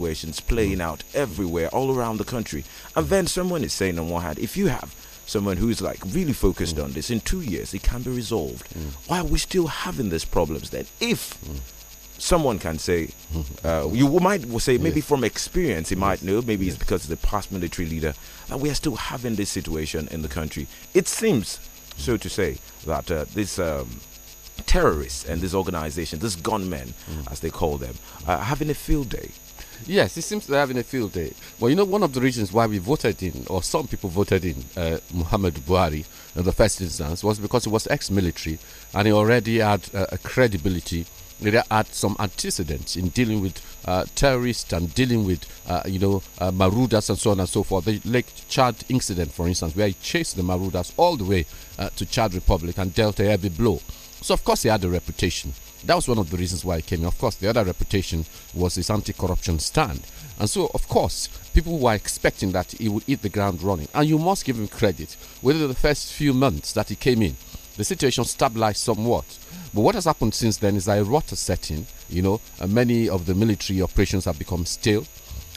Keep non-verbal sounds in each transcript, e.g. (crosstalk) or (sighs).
situations playing out everywhere, all around the country. And then someone is saying on one hand, if you have someone who's like really focused mm. on this in two years it can be resolved mm. why are we still having these problems then if mm. someone can say uh, you might say maybe yes. from experience he yes. might know maybe yes. it's because of the past military leader that we are still having this situation in the country it seems so to say that uh, this um, terrorists and this organization, this gunmen, as they call them, are having a field day Yes, he seems to have having a field day. Well, you know, one of the reasons why we voted in, or some people voted in, uh, Muhammad Buhari in the first instance was because he was ex military and he already had uh, a credibility. He had some antecedents in dealing with uh, terrorists and dealing with, uh, you know, uh, marauders and so on and so forth. The Lake Chad incident, for instance, where he chased the marauders all the way uh, to Chad Republic and dealt a heavy blow. So, of course, he had a reputation. That was one of the reasons why he came in. Of course, the other reputation was his anti corruption stand. And so, of course, people were expecting that he would hit the ground running. And you must give him credit. Within the first few months that he came in, the situation stabilized somewhat. But what has happened since then is a rot has set in. You know, many of the military operations have become stale.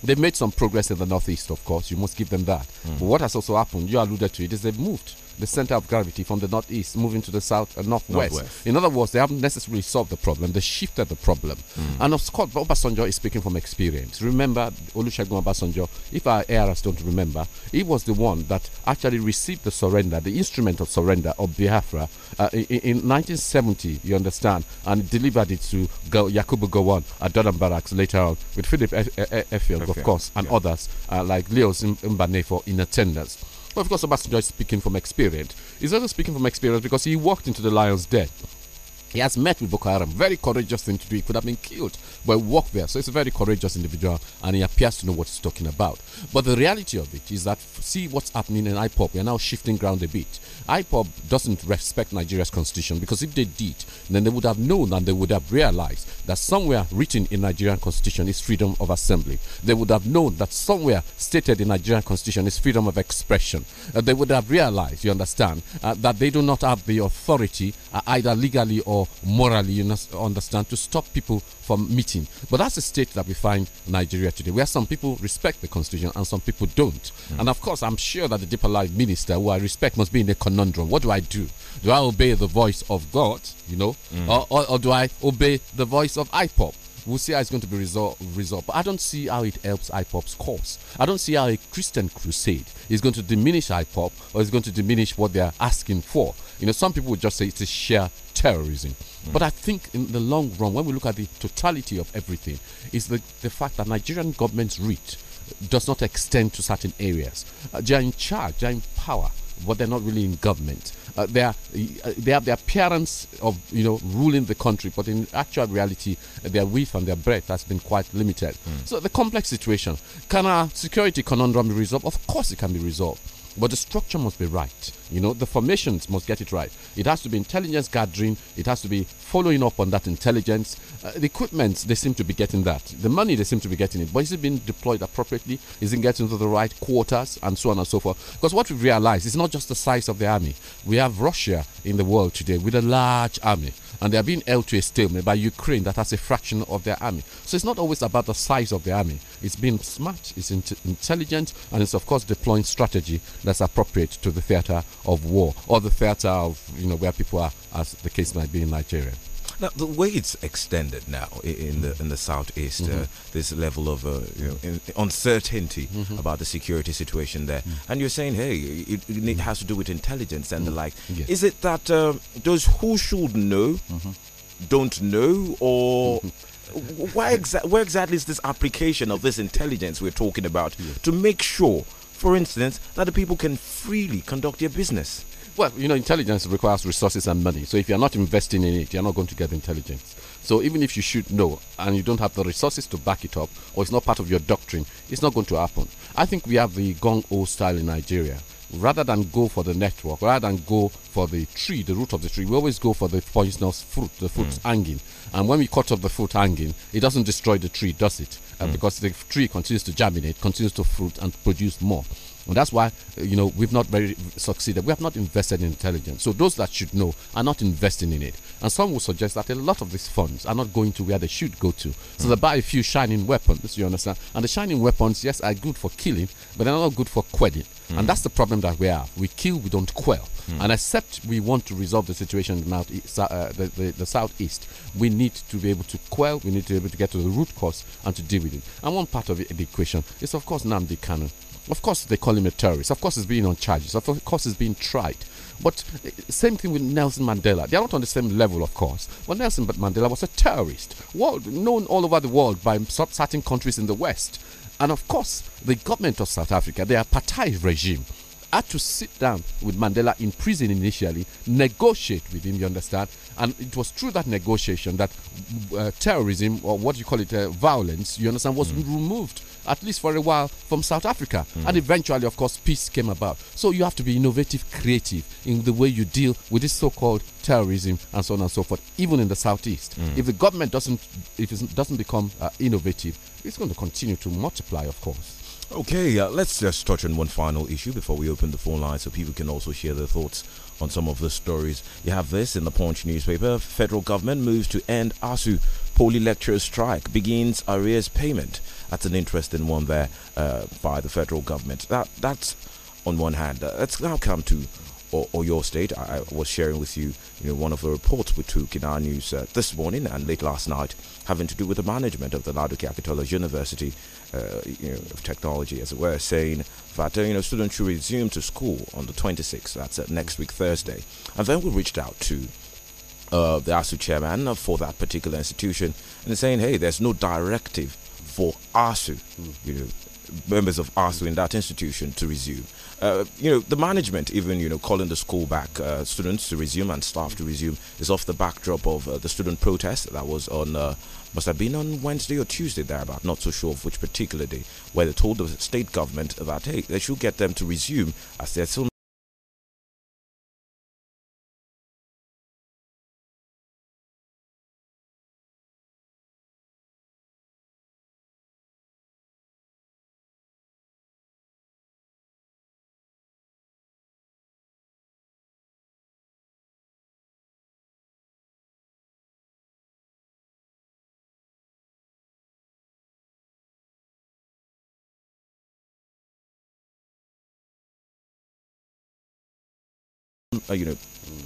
They've made some progress in the northeast, of course. You must give them that. Mm. But what has also happened, you alluded to it, is they've moved the center of gravity from the northeast moving to the south and northwest. northwest. In other words, they haven't necessarily solved the problem, they shifted the problem. Mm. And of course, Obasanjo is speaking from experience. Remember, Olusegun Obasanjo, if our heirs don't remember, he was the one that actually received the surrender, the instrument of surrender of Biafra uh, in, in, 1970, you understand, and delivered it to Go Yakubu Gowon at Durham Barracks later on, with Philip Effield, of course, and yeah. others uh, like Leo Mbanefo for in attendance. Well, of course, Sebastian Joy is speaking from experience. He's also speaking from experience because he walked into the lion's den. He has met with Boko Haram. Very courageous thing to do. He could have been killed, but walked there. So it's a very courageous individual, and he appears to know what he's talking about. But the reality of it is that see what's happening in IPOP. We are now shifting ground a bit. IPOB doesn't respect Nigeria's constitution because if they did, then they would have known and they would have realized that somewhere written in Nigerian constitution is freedom of assembly. They would have known that somewhere stated in Nigerian constitution is freedom of expression. Uh, they would have realized, you understand, uh, that they do not have the authority uh, either legally or morally, you understand, to stop people from meeting. But that's the state that we find Nigeria today, where some people respect the constitution and some people don't. Mm. And of course, I'm sure that the deeper life minister, who I respect, must be in a conundrum. What do I do? Do I obey the voice of God, you know, mm. or, or, or, do I obey the voice of IPOP? We'll see how it's going to be resolved. but I don't see how it helps IPOP's cause. I don't see how a Christian crusade is going to diminish IPOP or is going to diminish what they're asking for. You know, some people would just say it's a sheer terrorism. Mm. But I think in the long run, when we look at the totality of everything, is the, the fact that Nigerian government's reach does not extend to certain areas. Uh, they are in charge, they are in power, but they're not really in government uh, their they have the appearance of you know ruling the country, but in actual reality, their width and their breadth has been quite limited. Mm. So the complex situation can our security conundrum be resolved? Of course, it can be resolved. But the structure must be right. You know, the formations must get it right. It has to be intelligence gathering. It has to be following up on that intelligence. Uh, the equipment, they seem to be getting that. The money, they seem to be getting it. But is it being deployed appropriately? Is it getting to the right quarters and so on and so forth? Because what we've realized is not just the size of the army. We have Russia in the world today with a large army and they are being held to a stalemate by Ukraine that has a fraction of their army. So it's not always about the size of the army. It's being smart, it's in intelligent, and it's of course deploying strategy that's appropriate to the theater of war or the theater of you know where people are, as the case might be in Nigeria. Now the way it's extended now in the in the southeast, mm-hmm. uh, this level of uh, you know, uncertainty mm-hmm. about the security situation there, mm. and you're saying, hey, it, it, mm. has to do with intelligence and the mm. like. Yes. Is it that um, those who should know mm-hmm. don't know, or why exa- where exactly is this application of this intelligence we're talking about yes. to make sure, for instance, that the people can freely conduct their business? Well, you know, intelligence requires resources and money. So if you're not investing in it, you're not going to get intelligence. So even if you should know and you don't have the resources to back it up, or it's not part of your doctrine, it's not going to happen. I think we have the gong O style in Nigeria. Rather than go for the network, rather than go for the tree, the root of the tree, we always go for the poisonous fruit, the fruit mm. hanging. And when we cut off the fruit hanging, it doesn't destroy the tree, does it? Uh, mm. Because the tree continues to germinate, continues to fruit, and produce more. And that's why, uh, you know, we've not very succeeded. We have not invested in intelligence. So those that should know are not investing in it. And some will suggest that a lot of these funds are not going to where they should go to. So mm. they buy a few shining weapons, you understand? And the shining weapons, yes, are good for killing, but they're not good for quelling. Mm. And that's the problem that we have. We kill, we don't quell. Mm. And except we want to resolve the situation in uh, the, the, the, southeast, we need to be able to quell, we need to be able to get to the root cause and to deal with it. And one part of the equation is, of course, Namdi Kanu. Of course, they call him a terrorist. Of course, he's being on charges. Of course, he's being tried. But eh, same thing with Nelson Mandela. They are not on the same level, of course. But Nelson Mandela was a terrorist, world, known all over the world by certain countries in the West. And of course, the government of South Africa, the apartheid regime, had to sit down with Mandela in prison initially, negotiate with him, you understand? And it was through that negotiation that uh, terrorism, or what you call it, uh, violence, you understand, was mm. removed, at least for a while, from South Africa. Mm. And eventually, of course, peace came about. So you have to be innovative, creative in the way you deal with this so called terrorism and so on and so forth, even in the Southeast. Mm. If the government doesn't, it doesn't become uh, innovative, it's going to continue to multiply, of course. Okay, uh, let's just touch on one final issue before we open the phone line so people can also share their thoughts on some of the stories. You have this in the Punch newspaper. Federal government moves to end ASU poly strike, begins arrears payment. That's an interesting one there uh, by the federal government. That That's on one hand. Uh, let's now come to or, or your state. I, was sharing with you, you know, one of the reports we took in our news uh, this morning and late last night, having to do with the management of the Lado Capitola University uh, you know, of Technology, as it were, saying that uh, you know students should resume to school on the 26th. That's uh, next week Thursday, and then we reached out to. Uh, the ASU chairman for that particular institution and saying, hey, there's no directive for ASU, hmm. you know, members of ASU in that institution to resume. Uh, you know, the management even, you know, calling the school back, uh, students to resume and staff to resume is off the backdrop of uh, the student protest that was on, uh, must have been on Wednesday or Tuesday thereabout, not so sure of which particular day, where they told the state government that, hey, they should get them to resume as they're still uh, you know,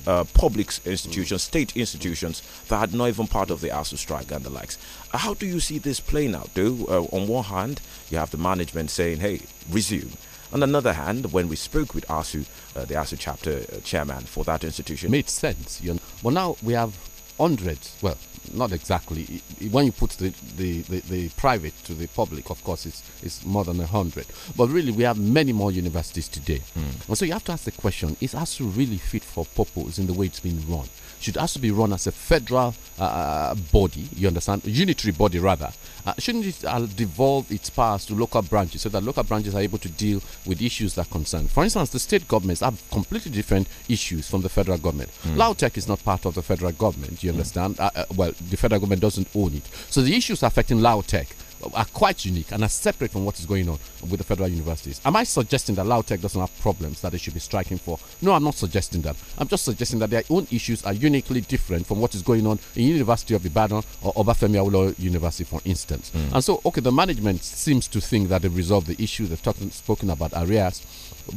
uh, public institutions, state institutions that had not even part of the ASU strike and the likes. How do you see this playing out, though? Uh, on one hand, you have the management saying, hey, resume. On another hand, when we spoke with ASU, uh, the ASU chapter uh, chairman for that institution, made sense. You know? Well, now we have hundreds. Well, not exactly. When you put the, the, the, the, private to the public, of course, it's, it's more than 100. But really, we have many more universities today. Mm. And so you have to ask the question is ASU really fit for purpose in the way it's been run? should also be run as a federal uh, uh, body, you understand, unitary body rather. Uh, shouldn't it uh, devolve its powers to local branches so that local branches are able to deal with issues that concern? For instance, the state governments have completely different issues from the federal government. Mm. is not part of the federal government, you hmm. understand? Mm. Uh, well, the federal government doesn't own it. So the issues affecting Lautech are uh, quite unique and are separate from what is going on with the federal universities. Am I suggesting that Lautech doesn't have problems that they should be striking for? No, I'm not suggesting that. I'm just suggesting that their own issues are uniquely different from what is going on in University of Ibadan or Obafemi Awolowo University, for instance. Mm. And so, okay, the management seems to think that they've resolved the issue. They've talked, spoken about areas,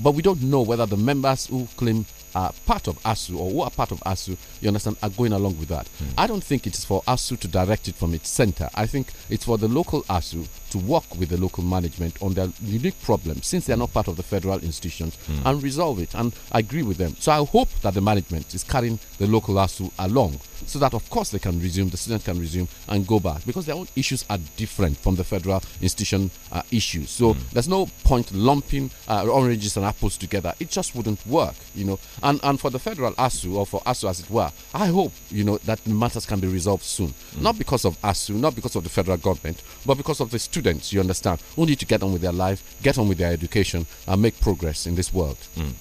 but we don't know whether the members who claim are uh, part of ASU or who are part of ASU, you understand, are going along with that. Mm. I don't think it's for ASU to direct it from its center. I think it's for the local ASU to work with the local management on their unique problems since they are not part of the federal institutions mm. and resolve it. And I agree with them. So I hope that the management is carrying the local ASU along so that, of course, they can resume, the students can resume and go back because their own issues are different from the federal institution uh, issues. So mm. there's no point lumping uh, oranges and apples together. It just wouldn't work, you know. And, and for the federal ASU or for ASU as it were, I hope, you know, that matters can be resolved soon. Mm. Not because of ASU, not because of the federal government, but because of the students students, you understand, who need to get on with their life, get on with their education, and make progress in this world. Mm.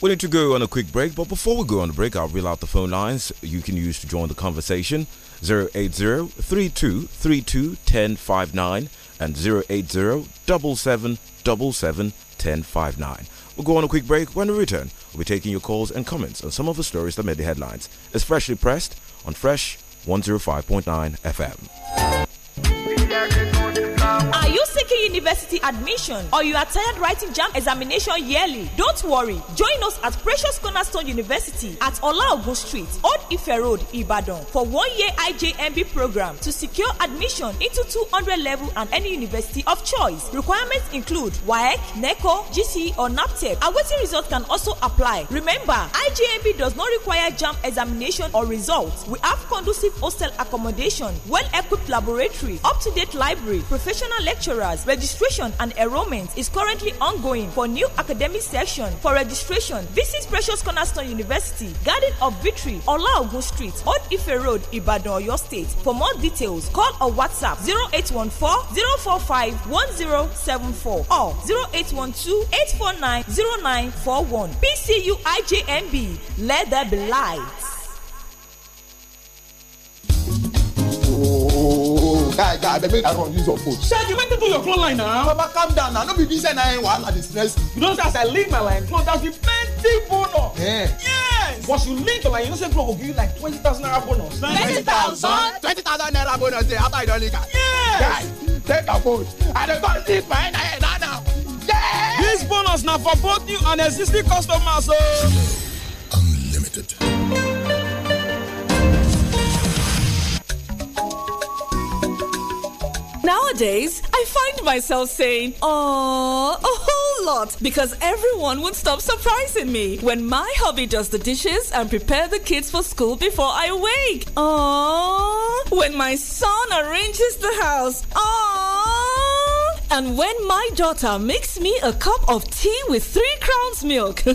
We need to go on a quick break, but before we go on a break, I'll reel out the phone lines you can use to join the conversation 080 32 and 080 77 1059. We'll go on a quick break. When we return, we'll be taking your calls and comments on some of the stories that made the headlines. especially freshly pressed on Fresh 105.9 FM. I seeking university admission or you attend writing jam examination yearly, don't worry. Join us at Precious Cornerstone University at Olaogun Street, Old Ife Road, Ibadan for one-year IJMB program to secure admission into 200 level and any university of choice. Requirements include WAEC, NECO, GC, e or NAPTEP. E Awaiting results can also apply. Remember, IJMB does not require jam examination or results. We have conducive hostel accommodation, well-equipped laboratory, up-to-date library, professional lecture lecturers. Registration and enrollment is currently ongoing for new academic session. For registration, visit Precious Cornerstone University, Garden of Victory, Olaogun Street, Old Ife Road, Ibadan, Oyo State. For more details, call or WhatsApp 0814-045-1074 or 0812-849-0941. PCU IJMB, let there be light. Oh. oh, oh guy guy abeg make i come use your phone. shey you wait till your phone line now. Papa, calm down now. no be this na eh, wahala dey stress you. you know say as i leave my line phone dash the plenty bonus. Yeah. yes. once you leave the line you know say phone go give you like twenty thousand naira bonus. twenty thousand. twenty thousand naira bonus dey after you don leave am. yes. guy take your phone i dey come leave my nin na eh, now. Yeah. this bonus na for both new and existing customers o. Oh. So. unlimited. Nowadays, I find myself saying, "Oh, a whole lot," because everyone would stop surprising me when my hubby does the dishes and prepare the kids for school before I wake. Oh, when my son arranges the house. Oh. And when my daughter makes me a cup of tea with three crowns milk. (laughs)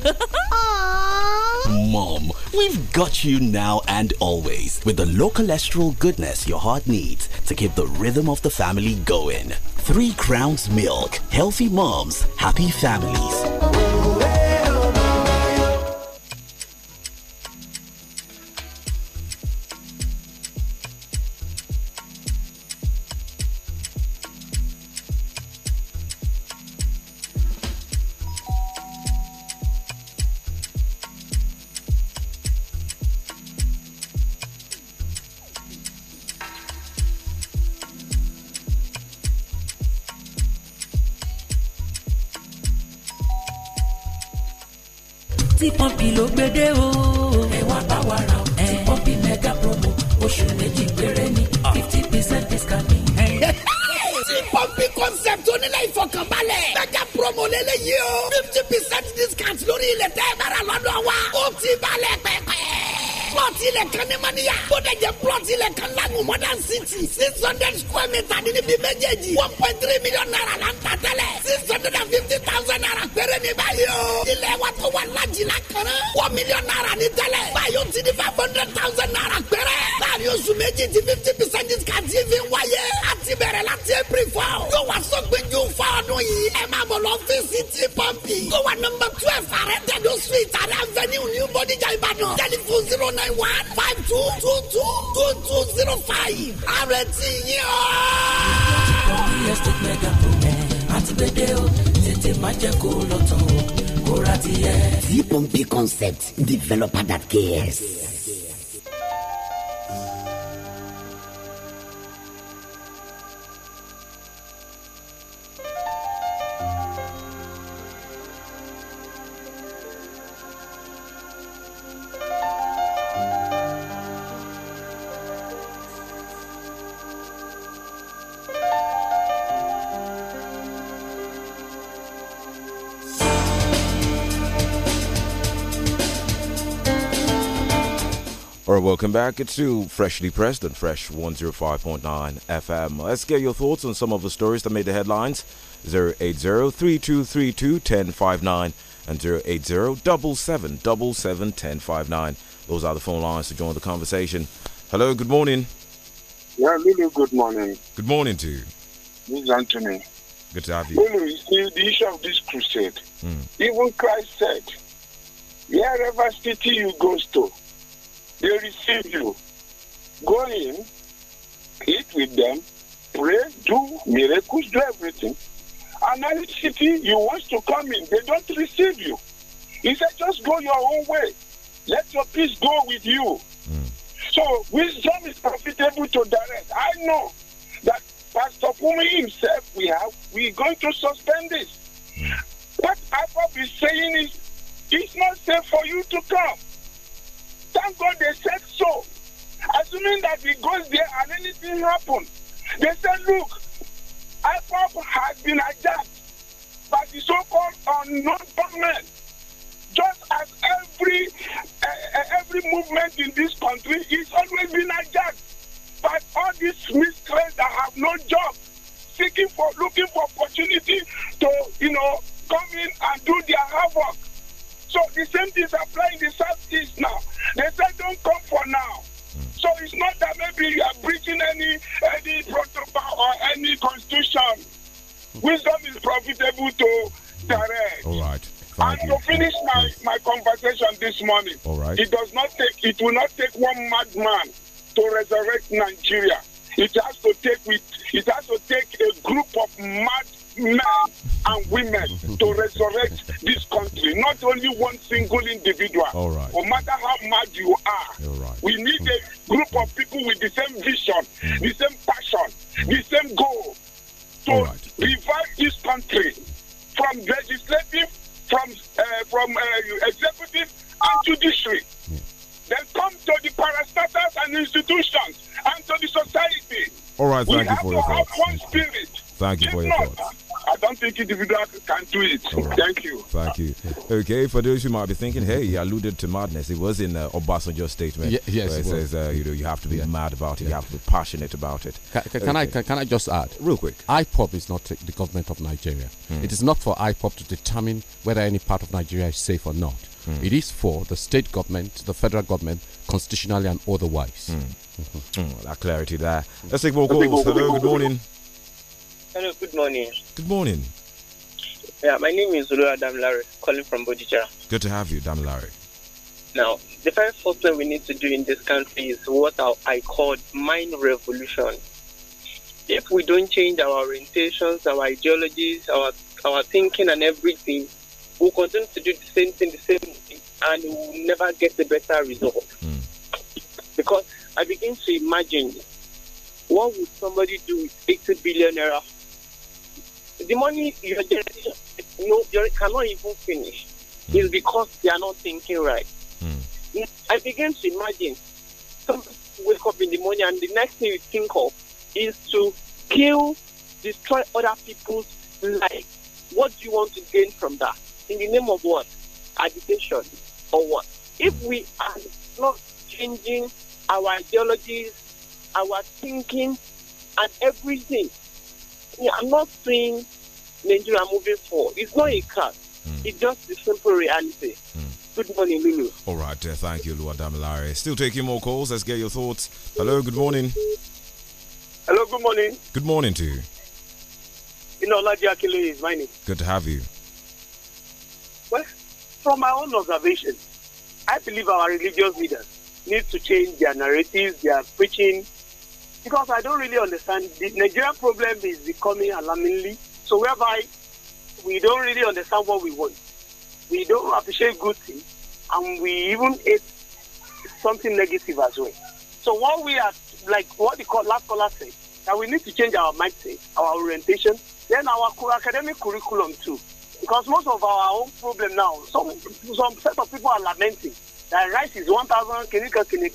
mom, we've got you now and always with the low cholesterol goodness your heart needs to keep the rhythm of the family going. Three Crowns Milk. Healthy moms, happy families. developer that cares. All right, welcome back. It's you, Freshly Pressed and Fresh 105.9 FM. Let's get your thoughts on some of the stories that made the headlines. 080-3232-1059 and 080-777-1059. Those are the phone lines to join the conversation. Hello, good morning. Yeah, Lulu, good morning. Good morning to you. This is Anthony. Good to have you. Lulu, you see, the issue of this crusade, mm. even Christ said, wherever city you go to, they receive you. Go in, eat with them, pray, do miracles, do everything. Another city you want to come in, they don't receive you. He said, just go your own way. Let your peace go with you. Hmm. So wisdom is profitable to direct. I know that Pastor Kumi himself, we have we're going to suspend this. Hmm. What Apop is saying is it's not safe for you to come. Thank God they said so. Assuming that he goes there and anything happens, they said, look, IPOP has been adjusted by the so-called unknown government. Just as every uh, every movement in this country is always been adjusted by all these miscreants that have no job, seeking for looking for opportunity to you know come in and do their hard work. So the same things apply in the southeast now. They said don't come for now. So it's not that maybe you are breaching any any protocol or any constitution. Wisdom is profitable to direct. All right. Thank and you. to finish my, yes. my conversation this morning, All right. it does not take it will not take one madman to resurrect Nigeria. It has to take with it has to take a group of mad men and women to resurrect this country, not only one single individual. All right. No matter how mad you are, All right. we need a group of people with the same vision, mm. the same passion, mm. the same goal to right. revive this country from legislative, from uh, from uh, executive, and judiciary. Then come to the parastatals and institutions and to the society. All right, thank we you for your thoughts. Thank you if for your not, thoughts. I don't think individual can do it. Right. Thank you. Thank you. Okay, for those who might be thinking, hey, he alluded to madness. It was in uh, Obasanjo's statement. yes, where it, says uh, you know you have to be yeah. mad about it. Yeah. You have to be passionate about it. Can, can, okay. I can, can, I just add real quick? IPOP is not the government of Nigeria. Mm. It is not for IPOP to determine whether any part of Nigeria is safe or not. Mm. It is for the state government, the federal government, constitutionally and otherwise. Mm. -hmm. that clarity there. Let's take more calls. Hello, good morning. Hello, good morning. Good morning. Yeah, my name is Ulua Damlari, calling from Bodija. Good to have you, Damlari. Now, the very first thing we need to do in this country is what I call mind revolution. If we don't change our orientations, our ideologies, our, our thinking and everything, we'll continue to do the same thing, the same thing, and we'll never get a better result. Mm. Because I begin to imagine what would somebody do with 80 billion billionaire? the money your generation no, cannot even finish mm. is because they are not thinking right. Mm. I begin to imagine some wake up in the morning and the next thing you think of is to kill, destroy other people's life. What do you want to gain from that? In the name of what? Agitation or what? If hmm. we are not changing our ideologies, our thinking, and everything, me, I'm not seeing Nigeria moving forward. It's not a cut. Mm. It's just a simple reality. Mm. Good morning, Lulu. All right, uh, thank you, Lua Damilare. Still taking more calls. Let's get your thoughts. Hello, good morning. Hello, good morning. Good morning to you. You know, Laji Akilo is my name. Good to have you. Well, from my own observation, I believe our religious leaders need to change their narratives, their preaching, because I don't really understand. The Nigerian problem is becoming alarmingly so, whereby we don't really understand what we want. We don't appreciate good things, and we even hate something negative as well. So, what we are like, what the last caller said, that we need to change our mindset, our orientation, then our academic curriculum too. Because most of our own problem now, some some set of people are lamenting that rice is 1,000 kina kina.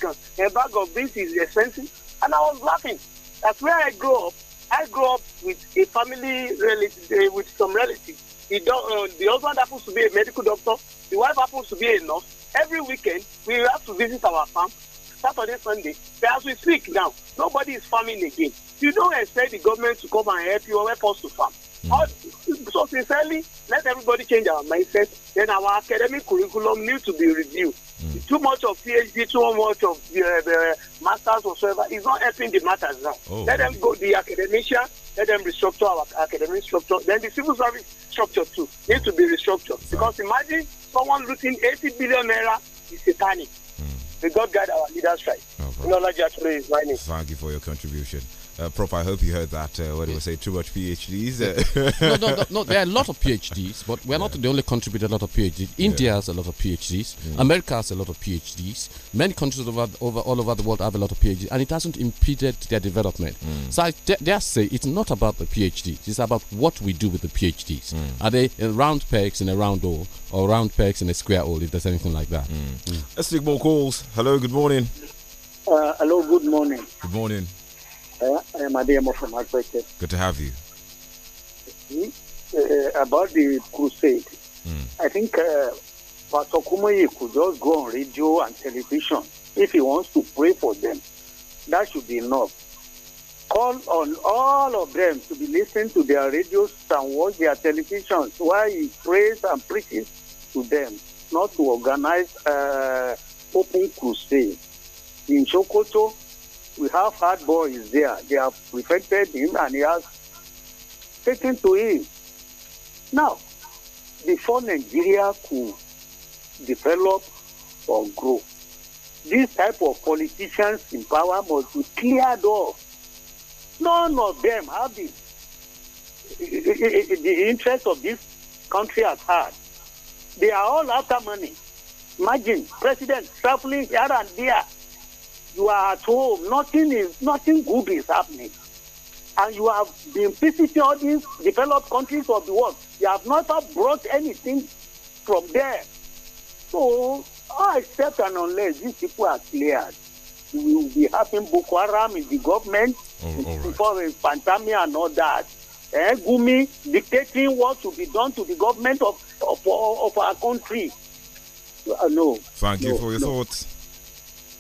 a bag of beans is expensive and I was laughing. That's where I grew up. I grew up with a family relative, uh, with some relatives. The, uh, the husband happens to be a medical doctor. The wife happens to be a nurse. Every weekend, we have to visit our farm. Saturday, Sunday. But as we speak now, nobody is farming again. You don't expect the government to come and help you or help us to farm. Mm. So sincerely, let everybody change our mindset. Then our academic curriculum needs to be reviewed Mm. Too much of PhD, too much of uh, masters or whatever is not helping the matters now. Oh, let them go the academia, let them restructure our academic structure. Then the civil service structure too needs to be restructured. Exactly. Because imagine someone losing 80 billion naira is a panic. Mm. May God guide our leaders right. No oh, Knowledge actually is mining. Thank you for your contribution. Uh, I hope you heard that. Uh, what do we say? Too much PhDs? no, no, no, no, There are a lot of PhDs, but we're yeah. not the only country with a lot of PhDs. India yeah. has a lot of PhDs. Mm. America has a lot of PhDs. Many countries over, over, all over the world have a lot of PhDs, and it hasn't impeded their development. Mm. So I dare say it's not about the PhDs. It's about what we do with the PhDs. Mm. Are they round pegs in a round hole, or round pegs in a square hole, if there's anything like that? Mm. Let's take more calls. Hello, good morning. Uh, hello, good morning. Good morning. Uh, I, am from Good to have you. Hmm? Uh, about the crusade, mm. I think uh, Pastor Kumoye could just go on radio and television if he wants to pray for them. That should be enough. Call on all of them to be listening to their radios and watch their televisions while he prays and preaches to them, not to organize uh, open crusade. In Sokoto, we have hard boys there. They have prevented him and he has taken to him. Now, before Nigeria could develop or grow, this type of politicians in power must be cleared off. None of them have the, the interest of this country at heart. They are all after money. Imagine, president traveling here and there you are at home. Nothing is nothing good is happening. And you have been visiting all these developed countries of the world. You have not brought anything from there. So, I except and unless these people are cleared, we will be having Boko Haram in the government oh, before the pandemic and all that. Eh, Gumi dictating what should be done to the government of, of, of our country. Uh, no. Thank no, you for your no. thoughts.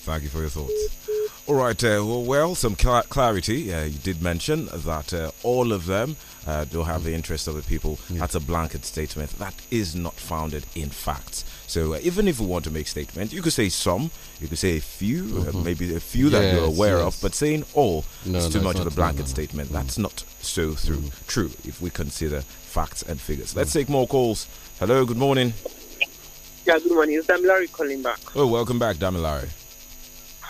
Thank you for your thoughts. All right, uh, well, some cl- clarity. Uh, you did mention that uh, all of them uh, do have the interests of the people. Yeah. That's a blanket statement. That is not founded in facts. So uh, even if you want to make statement, you could say some, you could say a few, uh, mm-hmm. maybe a few yes, that you're aware yes. of, but saying all no, is too much of a blanket no, statement. Mm-hmm. That's not so through, mm true if we consider facts and figures. Let's mm-hmm. take more calls. Hello, good morning. Yeah, good morning. It's Damilari calling back. Oh, welcome back, Damilari.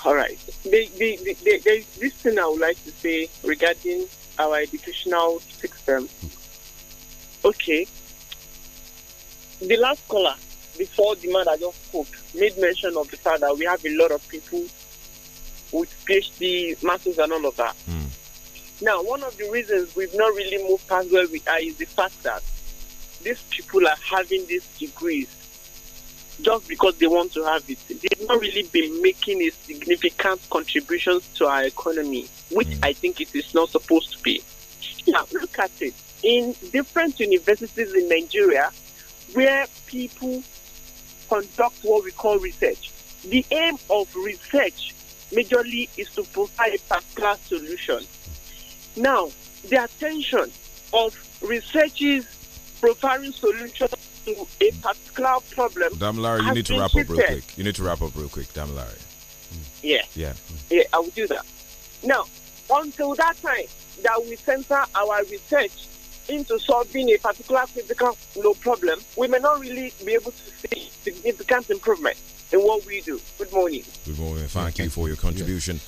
All right. The, the, the, the, this thing I would like to say regarding our educational system. Okay. The last caller before the man I just spoke made mention of the fact that we have a lot of people with PhD, masters, and all of that. Mm. Now, one of the reasons we've not really moved past where we are is the fact that these people are having these degrees just because they want to have it. They've not really been making a significant contribution to our economy, which mm. I think it is not supposed to be. Now, look at it. In different universities in Nigeria, where people conduct what we call research, the aim of research majorly is to provide a particular solution. Now, the attention of researchers is providing solutions to a particular problem. Damn, Larry, you need to wrap up real quick. You need to wrap up real quick, damn, Larry. Mm. Yeah. Yeah. Mm. Yeah, I will do that. Now, until that time that we center our research into solving a particular physical no problem, we may not really be able to see significant improvement in what we do. Good morning. Good morning. Thank you for your contribution.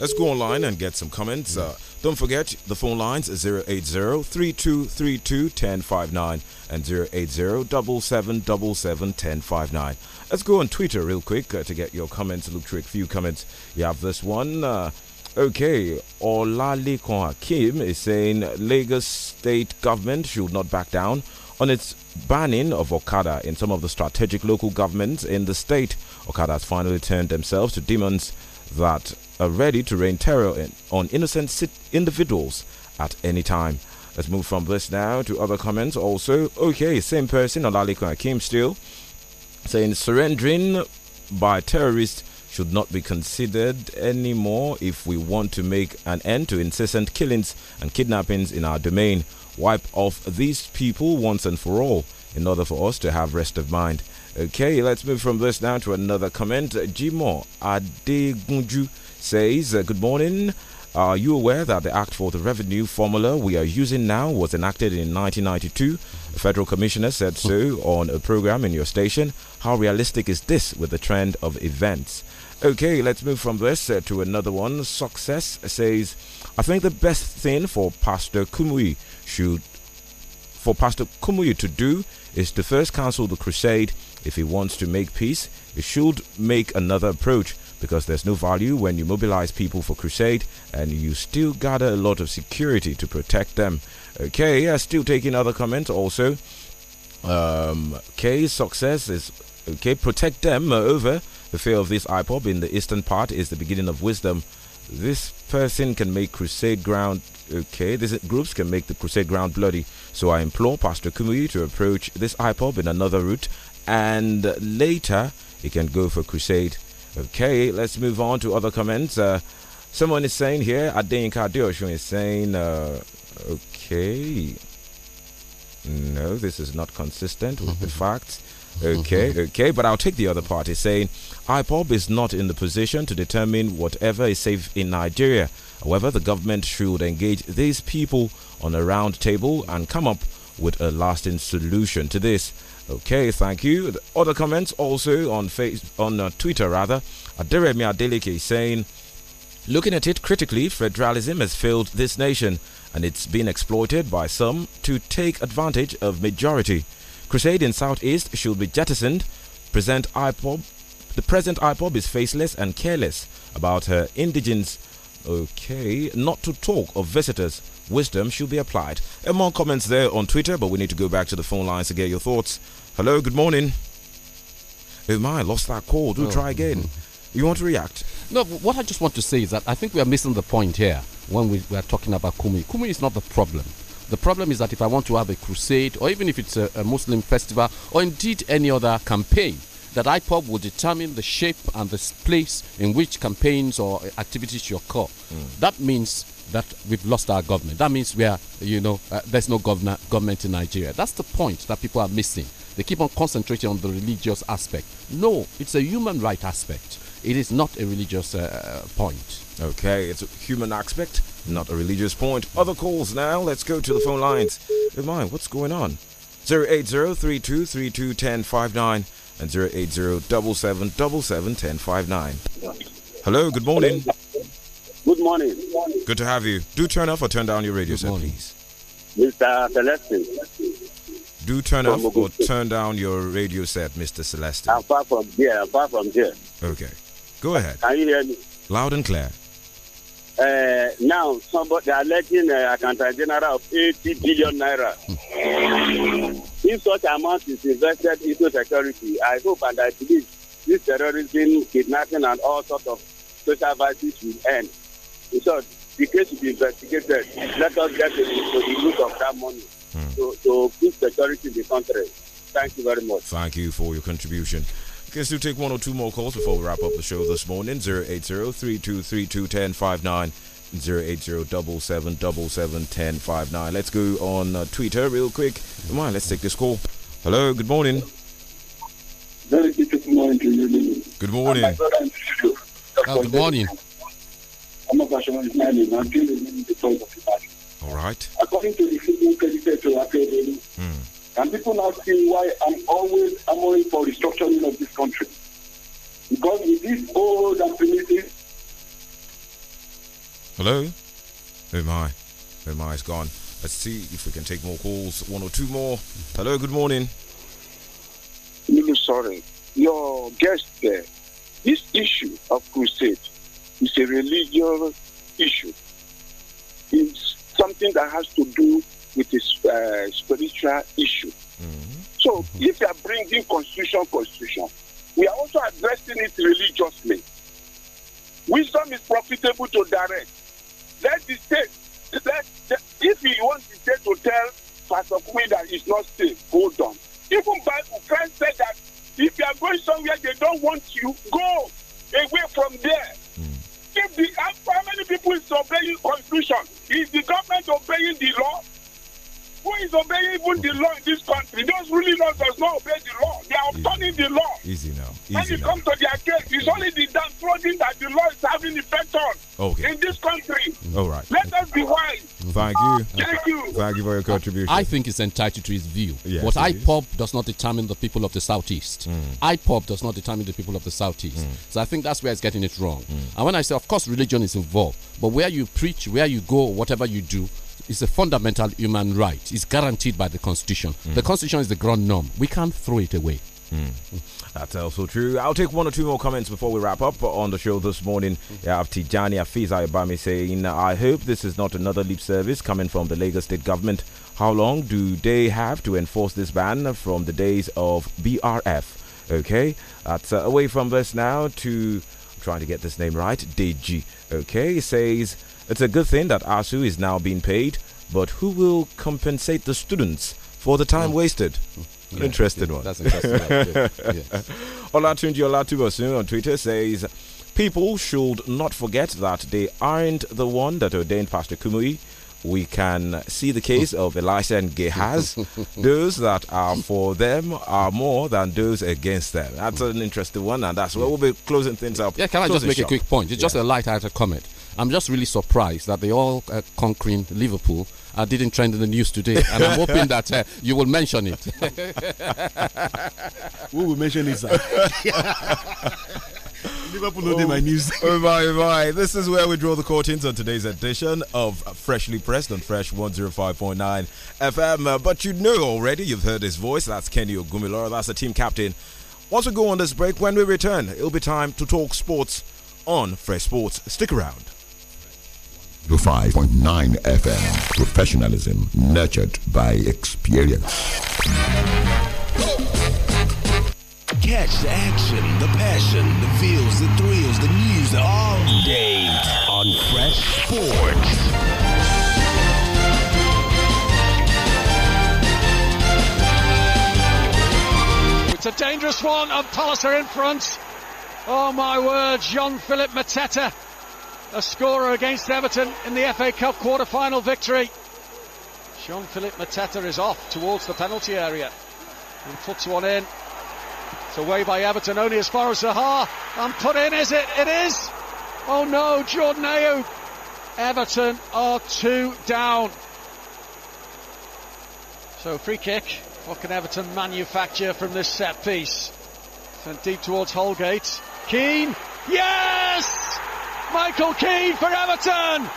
Let's go online and get some comments. Uh, don't forget the phone lines 080-3232-1059 and 080-777-1059. Let's go on Twitter real quick uh, to get your comments. Look trick, few comments. You have this one. Uh, Okay, Olalekan Hakim is saying Lagos state government should not back down on its banning of Okada in some of the strategic local governments in the state. Okada has finally turned themselves to demons that are ready to rain terror in, on innocent individuals at any time. Let's move from this now to other comments also. Okay, same person, Alaliko Hakim still, saying surrendering by terrorists should not be considered anymore if we want to make an end to incessant killings and kidnappings in our domain wipe off these people once and for all in order for us to have rest of mind. Okay, let's move from this now to another comment. Jimo Adegunju says, uh, Good morning. Are you aware that the Act for the Revenue formula we are using now was enacted in 1992? A federal commissioner said so (laughs) on a program in your station. How realistic is this with the trend of events? Okay, let's move from this uh, to another one. Success says, I think the best thing for Pastor Kumuyi should for Pastor Kumuyi to do is to first cancel the crusade. If he wants to make peace, he should make another approach because there's no value when you mobilize people for crusade and you still gather a lot of security to protect them. Okay, yeah, still taking other comments also. Um, okay, success is okay. Protect them. Moreover, the fear of this iPod in the eastern part is the beginning of wisdom this person can make crusade ground okay these groups can make the crusade ground bloody so i implore pastor kumuyi to approach this ipob in another route and later he can go for crusade okay let's move on to other comments uh, someone is saying here adeyinka adeoshun is saying uh, okay no this is not consistent with the mm-hmm. facts Okay, mm-hmm. okay, but I'll take the other party saying IPOB is not in the position to determine whatever is safe in Nigeria. However, the government should engage these people on a round table and come up with a lasting solution to this. Okay, thank you. Other comments also on face on uh, Twitter rather. Aderemi Adeleke saying, looking at it critically, federalism has failed this nation, and it's been exploited by some to take advantage of majority. Crusade in Southeast should be jettisoned. Present IPOB, the present IPOB is faceless and careless about her indigence. Okay, not to talk of visitors. Wisdom should be applied. And more comments there on Twitter, but we need to go back to the phone lines to get your thoughts. Hello, good morning. Oh my, I lost that call. Do oh. try again. You want to react? No, what I just want to say is that I think we are missing the point here when we, we are talking about Kumi. Kumi is not the problem. The problem is that if I want to have a crusade, or even if it's a, a Muslim festival, or indeed any other campaign, that IPOB will determine the shape and the place in which campaigns or activities should occur. Mm. That means that we've lost our government. That means we are, you know, uh, there's no governor, government in Nigeria. That's the point that people are missing. They keep on concentrating on the religious aspect. No, it's a human right aspect. It is not a religious uh, point. Okay, it's a human aspect, not a religious point. Other calls now. Let's go to the phone lines. Oh my, what's going on? 08032321059 and 08077771059. Hello, good morning. Good morning. Good to have you. Do turn off or turn down your radio, sir, please. Mr. Celestine. Do turn off or turn down your radio set, Mr. Celestine. I'm far from here. I'm far from here. Okay. Go ahead. Can you hear me? Loud and clear. Uh, now, somebody they are letting uh, eh, accountant general of 80 billion naira. Hmm. if such amount is invested into security, I hope and I believe this terrorism, kidnapping, and all sorts of social vices will end. So the case will be investigated. Let us get to the root of that money hmm. to, to put security in the country. Thank you very much. Thank you for your contribution. Guess do take one or oh two more calls before we wrap up the show this morning. 80 3232 Let's go on uh, Twitter real quick. Come on, let's take this call. Hello, good morning. Very good morning to you, Good morning. Oh, good morning. All right. According to the civil creditor to Akedeni, mm. And people ask me why I'm always hammering for restructuring of this country. Because with this old and primitive. Hello? Oh my. Oh my, it's gone. Let's see if we can take more calls. One or two more. Hello, good morning. Lulu, sorry. Your guest there, this issue of crusade is a religious issue. It's something that has to do with a uh, spiritual issue. Mm -hmm. So if you are bringing constitution, constitution, we are also addressing it religiously. Wisdom is profitable to direct. Let the state, let the, if you want the state to tell Pastor Kumi that it's not safe, go down. Even Bible, Christ said that if you are going somewhere they don't want you, go away from there. Mm-hmm. If the how many people is obeying constitution? Is the government obeying the law? who is obeying even the law in this country. Those ruling laws does not obey the law. They are upturning the law. Easy now. Easy when you now. to their case, it's only the downtrodden that the law is having effect on okay. in this country. All right. Let us be wise. Thank you. Thank you. Thank you for your contribution. I think it's entitled to his view. Yes, what IPOP does not determine the people of the Southeast. Mm. IPOP does not determine the people of the Southeast. Mm. So I think that's where it's getting it wrong. Mm. And when I say, of course, religion is involved, but where you preach, where you go, whatever you do, is a fundamental human right. It's guaranteed by the Constitution. Mm. The Constitution is the ground norm. We can't throw it away. Mm. That's also true. I'll take one or two more comments before we wrap up on the show this morning. Mm. Yeah, Tijani Afiz Ayabami saying, I hope this is not another leap service coming from the Lagos state government. How long do they have to enforce this ban from the days of BRF? Okay, that's uh, away from this now to, I'm trying to get this name right, Deji. Okay, says, it's a good thing that ASU is now being paid, but who will compensate the students for the time mm. wasted? Yeah, interesting yeah, one. That's interesting. (laughs) yeah, yeah. Olatunji Olatubosun on Twitter says, People should not forget that they aren't the one that ordained Pastor Kumui. We can see the case of Elisha and Gehaz. (laughs) those that are for them are more than those against them. That's an interesting one, and that's where we'll be closing things up. Yeah, can I just make shop. a quick point? It's just a light-hearted comment. I'm just really surprised that they all uh, conquering Liverpool uh, didn't trend in the news today, and I'm hoping that uh, you will mention it. (laughs) we will mention it, sir. (laughs) Liverpool oh, my news. oh, oh my, oh my. This is where we draw the curtains on today's edition of Freshly Pressed on Fresh 105.9 FM. Uh, but you know already, you've heard his voice. That's Kenny Ogumiloro. That's the team captain. Once we go on this break, when we return, it'll be time to talk sports on Fresh Sports. Stick around. 105.9 FM. Professionalism nurtured by experience. Catch the action, the passion, the feels, the thrills, the news all day on Fresh Sports. It's a dangerous one, Of Palliser in front. Oh my word, John Philip Mateta a scorer against Everton in the FA Cup quarter-final victory. Jean-Philippe Mateta is off towards the penalty area and puts one in. It's away by Everton, only as far as Zaha, and put in, is it? It is! Oh no, Jordan Ayew! Everton are two down. So free kick, what can Everton manufacture from this set piece? Sent deep towards Holgate, Keane, yes! Michael Keane for Everton.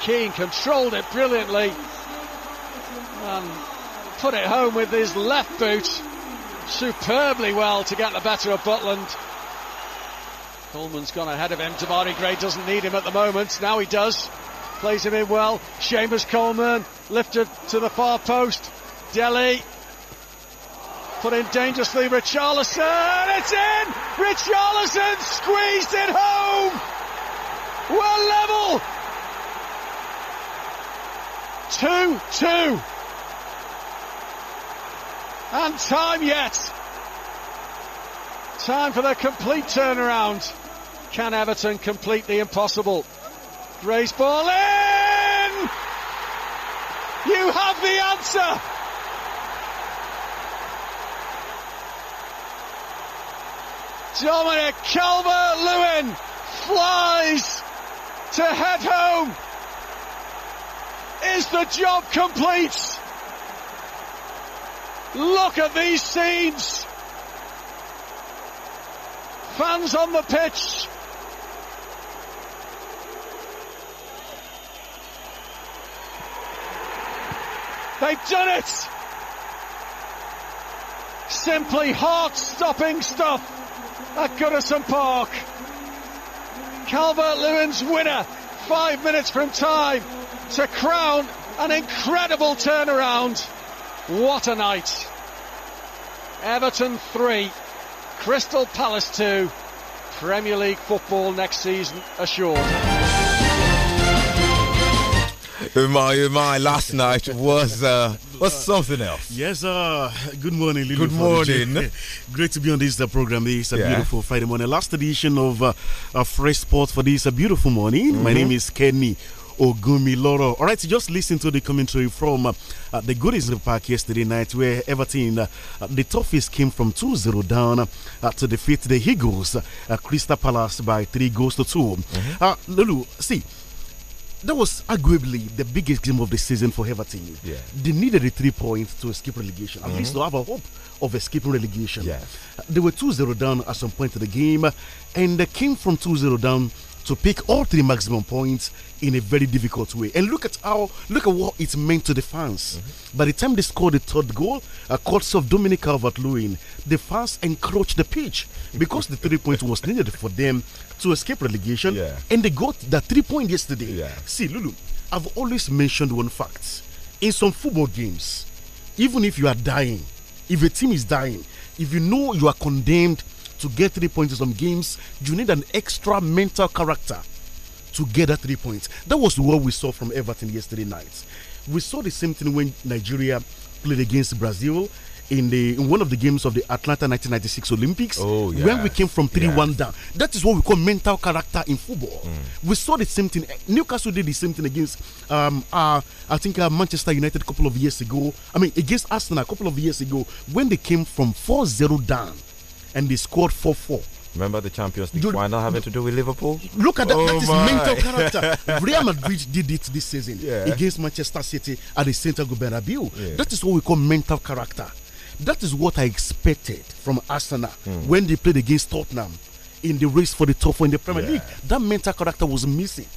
Keane controlled it brilliantly and put it home with his left boot superbly well to get the better of Butland. Coleman's gone ahead of him. Tamari Gray doesn't need him at the moment. Now he does. Plays him in well. Seamus Coleman lifted to the far post. Delhi put in dangerously. Richarlison, it's in! Richarlison squeezed it home! We're level! 2-2. And time yet. Time for the complete turnaround. Can Everton complete the impossible? Grace ball in! You have the answer! Dominic Calvert-Lewin flies to head home. Is the job complete? Look at these scenes. Fans on the pitch. They've done it! Simply heart-stopping stuff at Goodison Park. Calvert Lewin's winner, five minutes from time, to crown an incredible turnaround. What a night! Everton 3, Crystal Palace 2, Premier League football next season assured. Oh my, oh my, last night was. Uh What's something else? Yes, uh, good morning, Lulu. Good morning. (laughs) Great to be on this uh, program. This a yeah. beautiful Friday morning. Last edition of uh, uh, Fresh Sports for this a beautiful morning. Mm -hmm. My mm-hmm. name is Kenny Ogumiloro. All right, so just listen to the commentary from uh, the goodies park yesterday night, where Everton, uh, the toughest came from 2 0 down uh, to defeat the Eagles, uh, Crystal Palace by three goals to two. Mm -hmm. Lulu, see that was arguably the biggest game of the season for Everton. Yeah. They needed the three points to escape relegation, at mm -hmm. least mm-hmm. to have a hope of escaping relegation. Yes. They were 2 0 down at some point in the game, and they came from 2 0 down to pick all three maximum points in a very difficult way. And look at how look at what it meant to the fans. Mm -hmm. By the time they scored the third goal, a court of Dominic Albert Lewin, the fans encroached the pitch because the three points was needed for them to escape relegation. Yeah. And they got that three point yesterday. Yeah. See, Lulu, I've always mentioned one fact. In some football games, even if you are dying, if a team is dying, if you know you are condemned to get three points in some games, you need an extra mental character to get that three points. That was what we saw from Everton yesterday night. We saw the same thing when Nigeria played against Brazil in the in one of the games of the Atlanta 1996 Olympics oh, yes. when we came from 3-1 down. That is what we call mental character in football. Mm. We saw the same thing. Newcastle did the same thing against um, uh, I think uh, Manchester United a couple of years ago. I mean against Arsenal a couple of years ago when they came from 4-0 down and they scored 4 4. Remember the Champions League do, final having to do with Liverpool? Look at that. Oh that is my. mental (laughs) character. Real Madrid did it this season yeah. against Manchester City at the Santiago Bernabeu. Yeah. That is what we call mental character. That is what I expected from Arsenal mm. when they played against Tottenham in the race for the top four in the Premier yeah. League. That mental character was missing.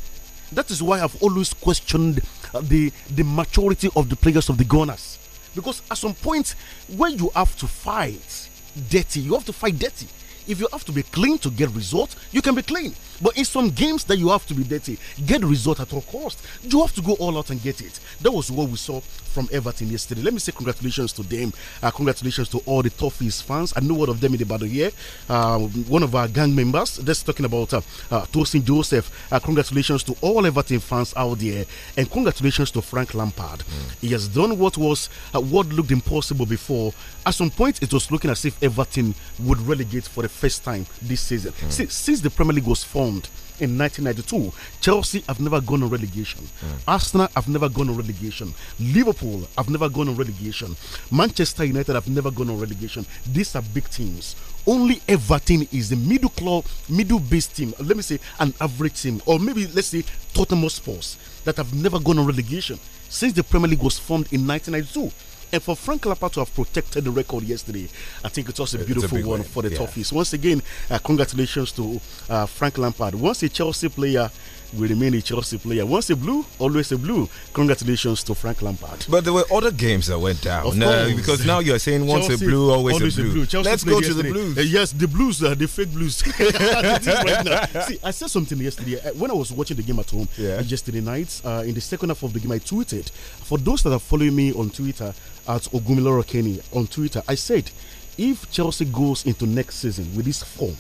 That is why I've always questioned uh, the the maturity of the players of the Gunners, because at some point when you have to fight dirty, you have to fight dirty. If you have to be clean to get results, you can be clean. But in some games that you have to be dirty, get the result at all cost. You have to go all out and get it. That was what we saw from Everton yesterday. Let me say congratulations to them. Uh, congratulations to all the Toffees fans. I know one of them in the battle here. Uh, one of our gang members. That's talking about uh, uh, Tosin Joseph. Uh, congratulations to all Everton fans out there, and congratulations to Frank Lampard. Mm. He has done what was uh, what looked impossible before. At some point, it was looking as if Everton would relegate for the first time this season. Mm. Since, since the Premier League was formed in 1992. Chelsea have never gone on relegation. Mm. Arsenal have never gone on relegation. Liverpool have never gone on relegation. Manchester United have never gone on relegation. These are big teams. Only Everton is the middle club, middle based team. Let me say an average team, or maybe let's say Tottenham Sports that have never gone on relegation since the Premier League was formed in 1992. And for Frank Lampard to have protected the record yesterday, I think it was a beautiful a one win. for the yeah. Toffees. Once again, uh, congratulations to uh, Frank Lampard. Once a Chelsea player, will remain a Chelsea player. Once a blue, always a blue. Congratulations to Frank Lampard. But there were other games that went down. No, because now you're saying once Chelsea, a blue, always, always a blue. A blue. Let's go yesterday. to the blues. Uh, yes, the blues, uh, the fake blues. (laughs) (laughs) See, I said something yesterday uh, when I was watching the game at home yeah. Uh, yesterday night. Uh, in the second half of the game, I tweeted for those that are following me on Twitter at Ogumiloro Kenny on Twitter. I said if Chelsea goes into next season with this form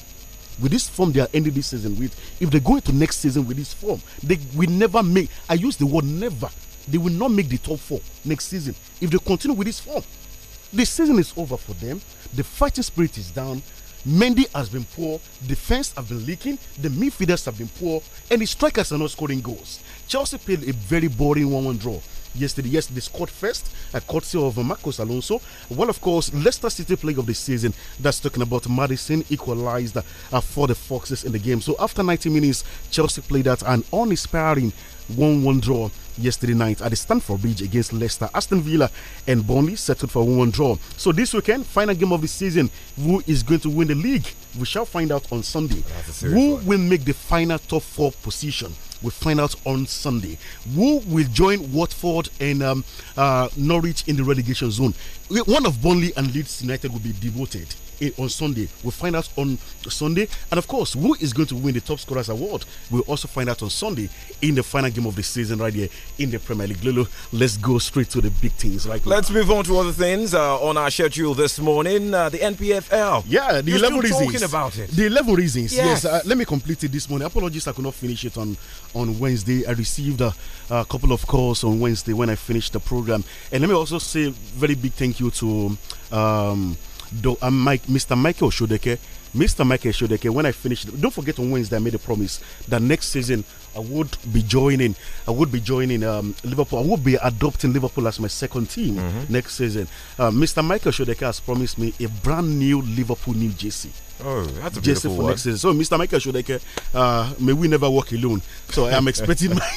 with this form they are ending this season with, if they go into next season with this form, they will never make. I use the word never. They will not make the top four next season if they continue with this form. The season is over for them. The fighting spirit is down. Mendy has been poor. Defense have been leaking. The midfielders have been poor, and the strikers are not scoring goals. Chelsea played a very boring one-one draw yesterday. Yesterday scored first a courtesy of Marcos Alonso. Well, of course, Leicester City play of the season. That's talking about Madison equalized uh, for the Foxes in the game. So after 90 minutes, Chelsea played at an uninspiring 1 1 draw yesterday night at the Stanford Bridge against Leicester. Aston Villa and Burnley settled for 1 1 draw. So this weekend, final game of the season, who is going to win the league? We shall find out on Sunday. Who one. will make the final top four position? We'll find out on Sunday. Who will join Watford and um, uh, Norwich in the relegation zone? one of Burnley and Leeds United will be devoted on Sunday. We'll find out on Sunday. And of course, who is going to win the top scorers award? We'll also find out on Sunday in the final game of the season, right here in the Premier League. Lulu, let's go straight to the big things right Let's now. move on to other things uh, on our schedule this morning. Uh, the NPFL. Yeah, the You're 11 reasons. talking about it. The 11 reasons. Yes. yes uh, let me complete it this morning. Apologies, I could not finish it on, on Wednesday. I received a, a couple of calls on Wednesday when I finished the program. And let me also say very big thank thank you to um, do, I'm um, Mike, Mr. Michael Shodeke. Mr. Michael Shodeke, when I finish, don't forget on Wednesday, I made a promise that next season I would be joining. I would be joining um, Liverpool. I would be adopting Liverpool as my second team mm -hmm. next season. Uh, Mr. Michael Shodeke has promised me a brand new Liverpool new jersey. Oh, that's a beautiful for one. next season. So, Mr. Michael Shodeke, uh, may we never walk alone. So, I am expecting my,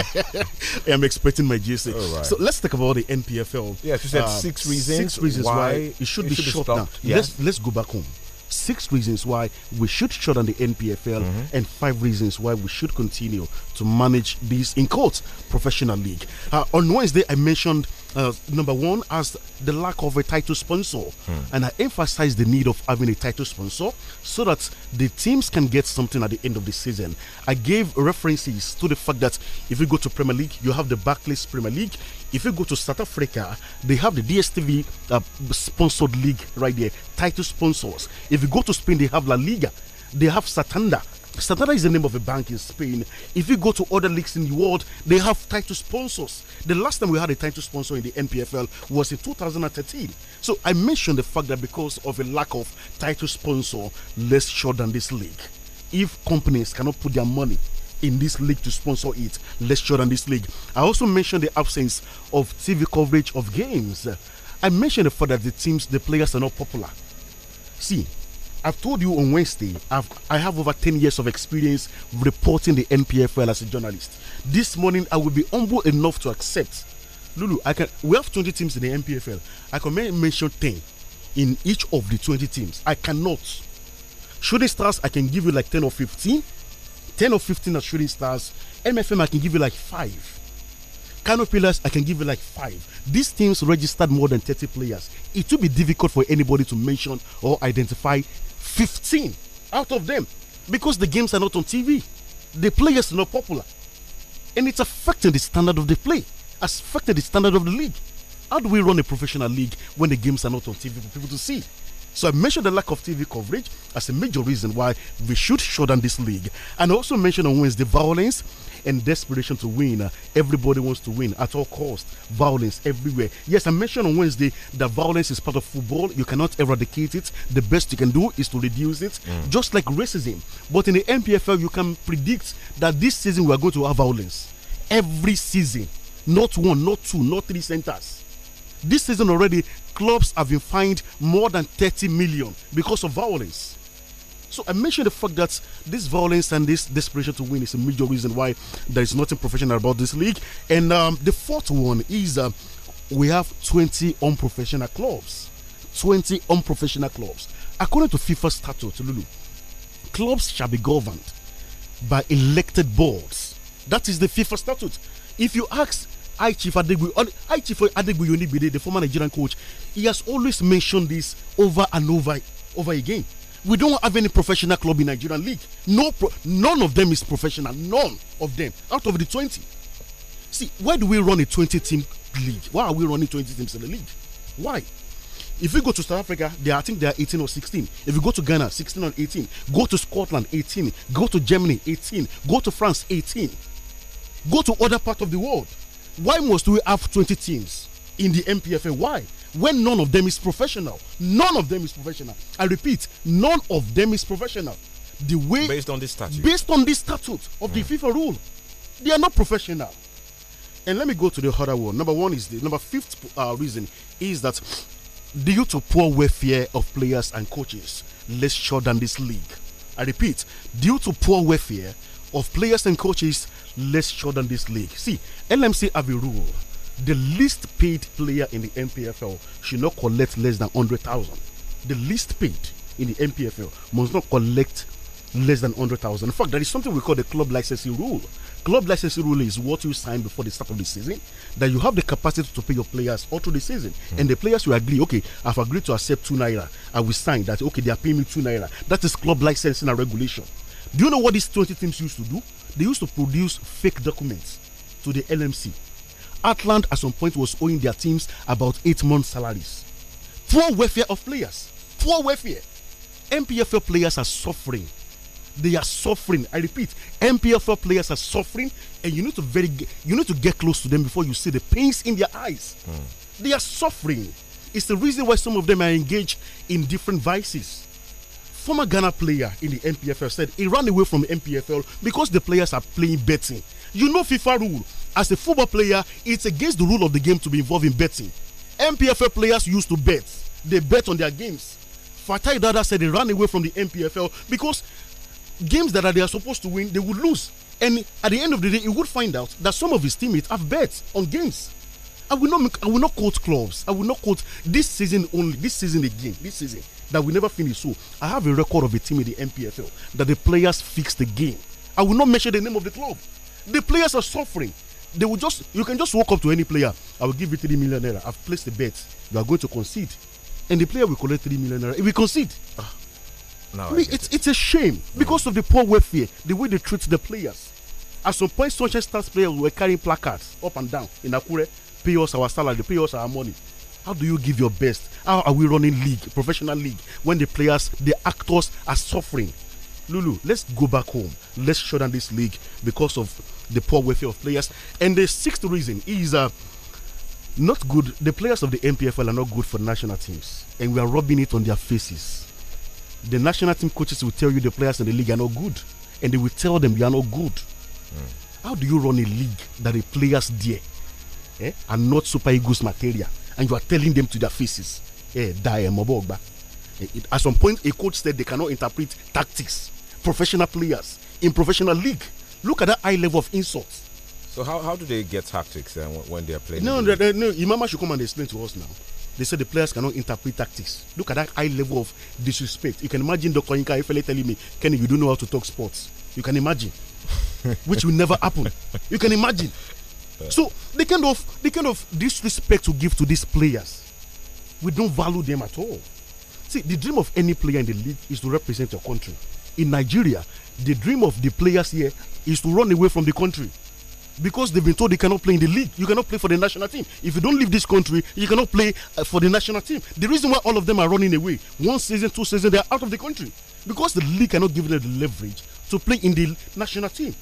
(laughs) I am expecting my GC. Right. So, let's talk about the NPFL. Yes, you said um, six reasons. Six reasons why, why it should, it be, short be Now. Yeah. Let's let's go back home six reasons why we should shut down the NPFL, mm -hmm. and five reasons why we should continue to manage this in court professional league. Uh, on Wednesday, I mentioned uh, number one, as the lack of a title sponsor. Hmm. And I emphasize the need of having a title sponsor so that the teams can get something at the end of the season. I gave references to the fact that if you go to Premier League, you have the Barclays Premier League. If you go to South Africa, they have the DSTV uh, sponsored league right there, title sponsors. If you go to Spain, they have La Liga, they have Satanda Santander is the name of a bank in Spain. If you go to other leagues in the world, they have title sponsors. The last time we had a title sponsor in the NPFL was in 2013. So I mentioned the fact that because of a lack of title sponsor, less sure than this league. If companies cannot put their money in this league to sponsor it, less sure than this league. I also mentioned the absence of TV coverage of games. I mentioned the fact that the teams, the players are not popular. See, I've told you on Wednesday, I've, I have over 10 years of experience reporting the NPFL as a journalist. This morning, I will be humble enough to accept. Lulu, I can. We have 20 teams in the NPFL. I can mention 10 in each of the 20 teams. I cannot. Shooting stars, I can give you like 10 or 15. 10 or 15 are shooting stars. MFM, I can give you like 5. Canopilas, I can give you like 5. These teams registered more than 30 players. It will be difficult for anybody to mention or identify 15 out of them because the games are not on TV. The players are not popular. And it's affecting the standard of the play, affecting the standard of the league. How do we run a professional league when the games are not on TV for people to see? So I mentioned the lack of TV coverage as a major reason why we should shut down this league. And also mentioned on Wednesday violence and desperation to win. Everybody wants to win at all costs. Violence everywhere. Yes, I mentioned on Wednesday that violence is part of football. You cannot eradicate it. The best you can do is to reduce it, mm. just like racism. But in the NPFL, you can predict that this season we are going to have violence. Every season. Not one, not two, not three centers. This season already, clubs have been fined more than 30 million because of violence. So I mentioned the fact that this violence and this desperation to win is a major reason why there is nothing professional about this league. And um, the fourth one is uh, we have 20 unprofessional clubs. 20 unprofessional clubs. According to FIFA statute, Lulu, clubs shall be governed by elected boards. That is the FIFA statute. If you ask High Chief Adegbuyo, High Chief Adegbuyo Nigbide, the former Nigerian coach, he has always mentioned this over and over, over again. We don't have any professional club in Nigerian league. No, none of them is professional. None of them out of the twenty. See, why do we run a twenty-team league? Why are we running twenty teams in the league? Why? If you go to South Africa, they are, I think they are eighteen or sixteen. If you go to Ghana, sixteen or eighteen. Go to Scotland, eighteen. Go to Germany, eighteen. Go to France, eighteen. Go to other part of the world, Why must we have 20 teams in the MPFA? Why? When none of them is professional. None of them is professional. I repeat, none of them is professional. The way based on this statute. Based on this statute of mm. the FIFA rule. They are not professional. And let me go to the other one. Number one is the number fifth uh, reason is that due to poor welfare of players and coaches, less sure than this league. I repeat, due to poor welfare of players and coaches, let's shorten this league. See, LMC have a rule. The least paid player in the MPFL should not collect less than 100,000. The least paid in the MPFL must not collect less than 100,000. In fact, there is something we call the club licensing rule. Club licensing rule is what you sign before the start of the season that you have the capacity to pay your players all through the season. Mm. And the players will agree, okay, I've agreed to accept two naira. I will sign that, okay, they are paying me two naira. That is club licensing and regulation. Do you know what these 20 teams used to do? They used to produce fake documents to the LMC. Atlant at some point was owing their teams about eight months' salaries. Poor welfare of players. Poor welfare. MPFL players are suffering. They are suffering. I repeat, MPFL players are suffering, and you need to very you need to get close to them before you see the pains in their eyes. Mm. They are suffering. It's the reason why some of them are engaged in different vices former Ghana player in the MPFL said he ran away from MPFL because the players are playing betting. You know FIFA rule. As a football player, it's against the rule of the game to be involved in betting. MPFL players used to bet. They bet on their games. Fatai Dada said he ran away from the MPFL because games that they are supposed to win, they would lose. And at the end of the day, he would find out that some of his teammates have bet on games. I will not make, I will not quote clubs. I will not quote this season only. This season again. This season that we never finish. So I have a record of a team in the MPFL that the players fixed the game. I will not mention the name of the club. The players are suffering. They will just you can just walk up to any player. I will give you three million naira. I've placed the bet. You are going to concede, and the player will collect three million naira. If we concede. No, I mean, it's, it. it's a shame because mm. of the poor welfare, the way they treat the players. At some point, Sunshine Stars players were carrying placards up and down in Akure, pay us our salary, pay us our money. How do you give your best? How are we running league, professional league, when the players, the actors are suffering? Lulu, let's go back home. Let's shut down this league because of the poor welfare of players. And the sixth reason is uh, not good. The players of the MPFL are not good for national teams, and we are rubbing it on their faces. The national team coaches will tell you the players in the league are not good, and they will tell them you are not good. Mm. How do you run a league that the players there eh, are not Super egos material? and you are telling them to their faces, eh, die, eh, Mobogba. Eh, at some point, a coach said they cannot interpret tactics, professional players in professional league. Look at that high level of insults. So how, how do they get tactics then when they are playing? No, no, they, no, Imama should come and explain to us now. They said the players cannot interpret tactics. Look at that high level of disrespect. You can imagine Dr. Inka Ifele telling me, Kenny, you don't know how to talk sports. You can imagine, (laughs) which will never happen. You can imagine. So the kind of the kind of disrespect we give to these players, we don't value them at all. See, the dream of any player in the league is to represent your country. In Nigeria, the dream of the players here is to run away from the country because they've been told they cannot play in the league. You cannot play for the national team. If you don't leave this country, you cannot play uh, for the national team. The reason why all of them are running away, one season, two seasons, they're out of the country because the league cannot give them the leverage to play in the national team.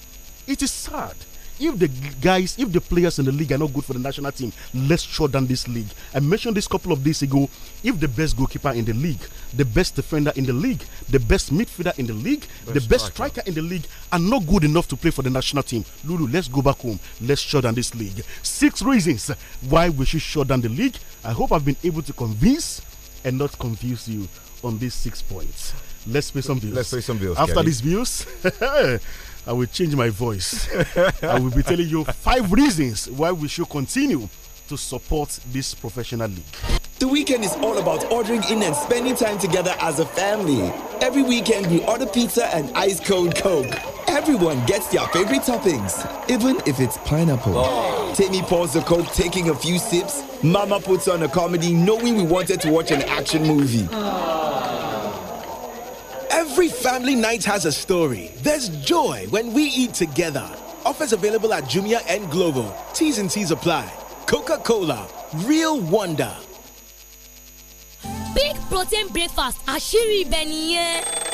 It is sad if the guys, if the players in the league are not good for the national team, let's shut down this league. I mentioned this couple of days ago. If the best goalkeeper in the league, the best defender in the league, the best midfielder in the league, best the best striker. striker in the league are not good enough to play for the national team, Lulu, let's go back home. Let's shut down this league. Six reasons why we should shut down the league. I hope I've been able to convince and not confuse you on these six points. Let's play some views. Let's play some views. After these views. (laughs) I will change my voice. (laughs) I will be telling you five reasons why we should continue to support this professional league. The weekend is all about ordering in and spending time together as a family. Every weekend, we order pizza and ice cold Coke. Everyone gets their favorite toppings, even if it's pineapple. Oh. pours the Coke, taking a few sips. Mama puts on a comedy, knowing we wanted to watch an action movie. Oh. Every family night has a story. There's joy when we eat together. Offers available at Jumia and Glovo. T's and T's apply. Coca Cola, real wonder. Big protein breakfast, Ashiri ibẹ̀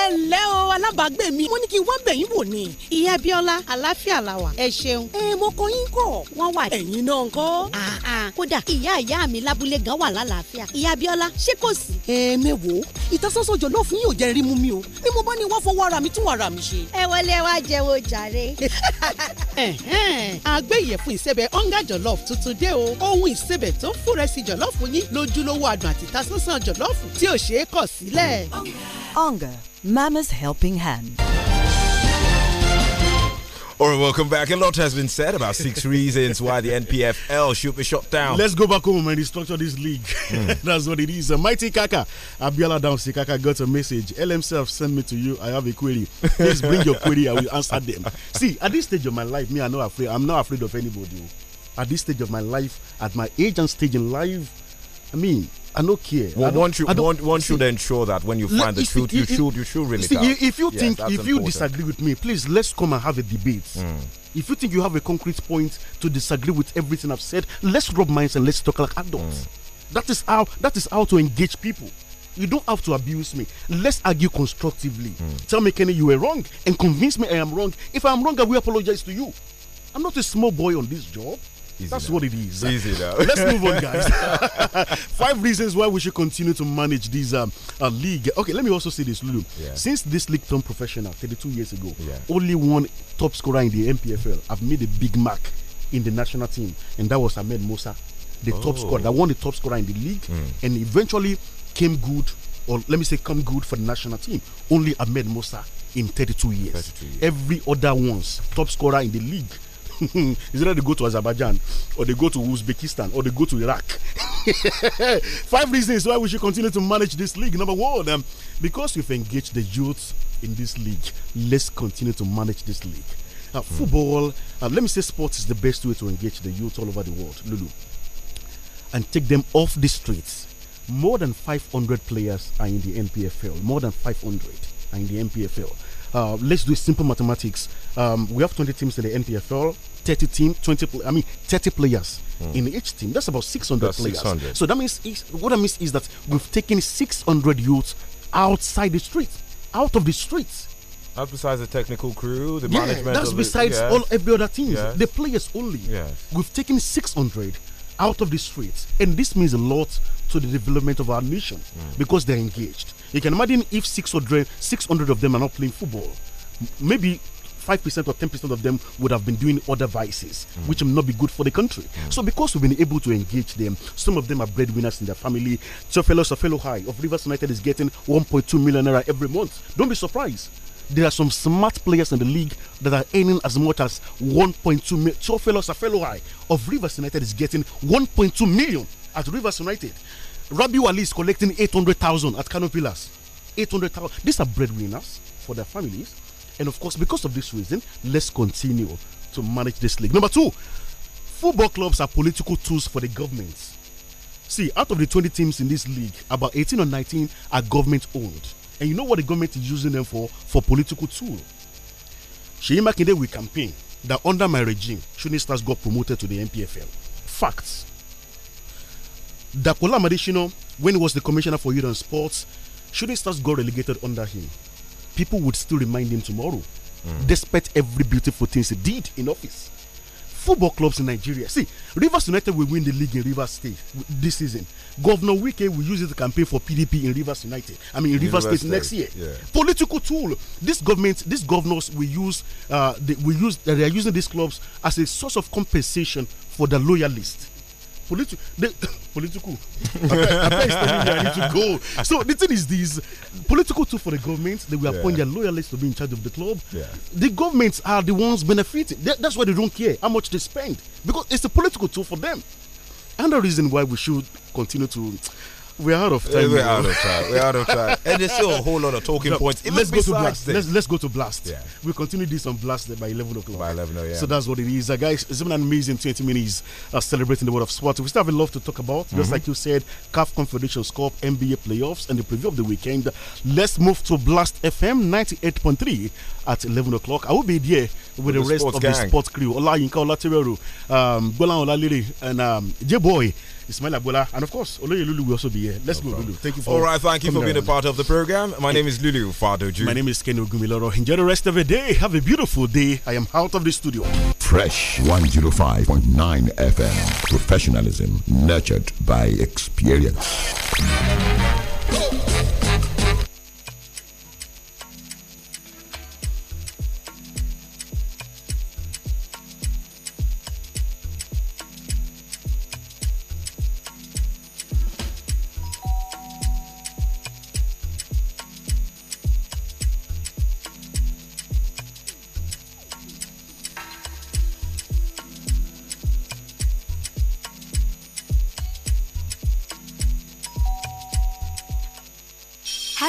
ẹ ǹlẹ́ o alábàágbé mi. mo ní kí n wá bẹ̀yìn wò ni. ìyá Bíọ́lá àlàáfíà la wà. ẹ ṣeun. ẹ mo kọ yín kọ. wọ́n wà ẹ̀yin náà ńkọ́. kódà ìyá ìyá mi lábúlé gan wà lálàáfíà. ìyá Bíọ́lá ṣé kò sí. ẹ mẹ́wòó ìtasọ́sọ́jọ ló fún yín ò jẹ́ rí mi o ni mo bá ní wá fọwọ́ ara mi tún ara mi ṣe. ẹ wọlé wá jẹun jàre. àgbẹ̀yẹ̀fun (laughs) ìsẹ̀bẹ̀ ọ̀ngá jọ̀lọ́f tuntun dé o ohun ìsẹ̀bẹ̀ tó fúnrẹ́sì jọ̀lọ́f yín lójúlówó adùn àti ìtasọ́sọ́ jọ̀lọ́f tí ò ṣeé kọ̀ sílẹ̀. ọ̀ngá Mama's Helping Hand. All right, welcome back. A lot has been said about six (laughs) reasons why the NPFL should be shut down. Let's go back home and restructure this league. Mm. (laughs) That's what it is. Uh, Mighty Kaka, Abiola Damsi Kaka got a message. LMSF sent me to you. I have a query. Please bring your query. I will answer them. See, at this stage of my life, me, I'm not afraid. I'm not afraid of anybody. Oh. At this stage of my life, at my age and stage in life, I mean, I no care. Well, won't you, won't, won't you then that when you find the truth, you, you, should, you should really see, If you yes, think, if important. you disagree with me, please let's come and have a debate. Mm. If you think you have a concrete point to disagree with everything I've said, let's rub minds and let's talk like adults. Mm. That is how that is how to engage people. You don't have to abuse me. Let's argue constructively. Mm. Tell me, Kenny, you were wrong, and convince me I am wrong. If I am wrong, I will apologize to you. I'm not a small boy on this job. Easy That's now. what it is. Easy now. (laughs) Let's move on, guys. (laughs) Five reasons why we should continue to manage this um, uh, league. Okay, let me also say this, Lulu. Yeah. Since this league turned professional 32 years ago, yeah. only one top scorer in the MPFL have made a big mark in the national team, and that was Ahmed Musa, the oh. top scorer that won the top scorer in the league, mm. and eventually came good, or let me say, come good for the national team. Only Ahmed Musa in 32 years. 32 years. Every other one's top scorer in the league (laughs) is either they go to Azerbaijan or they go to Uzbekistan or they go to Iraq. (laughs) Five reasons why we should continue to manage this league. Number one, um, because we've engaged the youth in this league, let's continue to manage this league. Uh, football, uh, let me say, sports is the best way to engage the youth all over the world, Lulu, and take them off the streets. More than 500 players are in the NPFL. More than 500 are in the NPFL. Uh, let's do simple mathematics. Um, we have 20 teams in the NPFL. 30 team, 20, I mean, 30 players mm. in each team. That's about 600 That's players. 600. So that means, what I mean is that we've taken 600 youths outside the streets, out of the streets. That's besides the technical crew, the yeah, management. That's besides yes. all every other teams. Yes. The players only. Yes. We've taken 600 out of the streets, and this means a lot to the development of our nation mm. because they're engaged. You can imagine if 600, 600 of them are not playing football, maybe 5% or 10% of them would have been doing other vices, mm. which will not be good for the country. Mm. So, because we've been able to engage them, some of them are breadwinners in their family. Chofelo Sofelo High of Rivers United is getting 1.2 million naira every month. Don't be surprised there are some smart players in the league that are earning as much as 1.2 million. Two fellows, a high of Rivers United is getting 1.2 million at Rivers United. Rabbi Ali is collecting 800,000 at Cano Pillars. 800,000. These are breadwinners for their families and of course, because of this reason, let's continue to manage this league. Number two, football clubs are political tools for the governments. See, out of the 20 teams in this league, about 18 or 19 are government owned. And you know what the government is using them for? For political tool. Sheyi Makinde will campaign that under my regime, Shooting Stars got promoted to the NPFL. Facts. Dakola Madishino, when he was the commissioner for youth and sports, Shooting Stars got relegated under him people would still remind him tomorrow, mm. despite every beautiful things he did in office. Football clubs in Nigeria. See, Rivers United will win the league in Rivers State this season. Governor Wike will use it campaign for PDP in Rivers United. I mean, in Rivers, State, State, next year. Yeah. Political tool. This government, these governors will use, uh, they will use, they are using these clubs as a source of compensation for the loyalists politi (coughs) political. I so the thing is this political tool for the government, they will yeah. appoint their loyalists to be in charge of the club. Yeah. The governments are the ones benefiting. that's why they don't care how much they spend because it's a political tool for them. And the reason why we should continue to we're out of time. We're out of time. We're out of time. And there's still a whole lot of talking no, points. let's go to blast. Let's, let's go to blast. Yeah. we continue this on blast by 11 o'clock. By 11 o'clock, oh, So that's what it is. Uh, guys, it's been an amazing 20 minutes uh, celebrating the world of sport. We still have a lot to talk about. Mm -hmm. Just mhm. like you said, CAF Confederation Cup, NBA playoffs, and the preview of the weekend. Let's move to Blast FM 98.3 at 11 o'clock. I will be there with, with the, the, rest of gang. the sports crew. Ola Yinka, Ola Tereru, um, Golan Ola Liri, and um, J-Boy. Ismail Abola, and of course, Oloye Lulu will also be here. Let's no go, Lulu. Thank you for All right, thank you for being around. a part of the program. My name is Lulu Fadoju. My name is Ken Ogumiloro. Enjoy the rest of the day. Have a beautiful day. I am out of the studio. Fresh 105.9 FM. Professionalism nurtured by experience.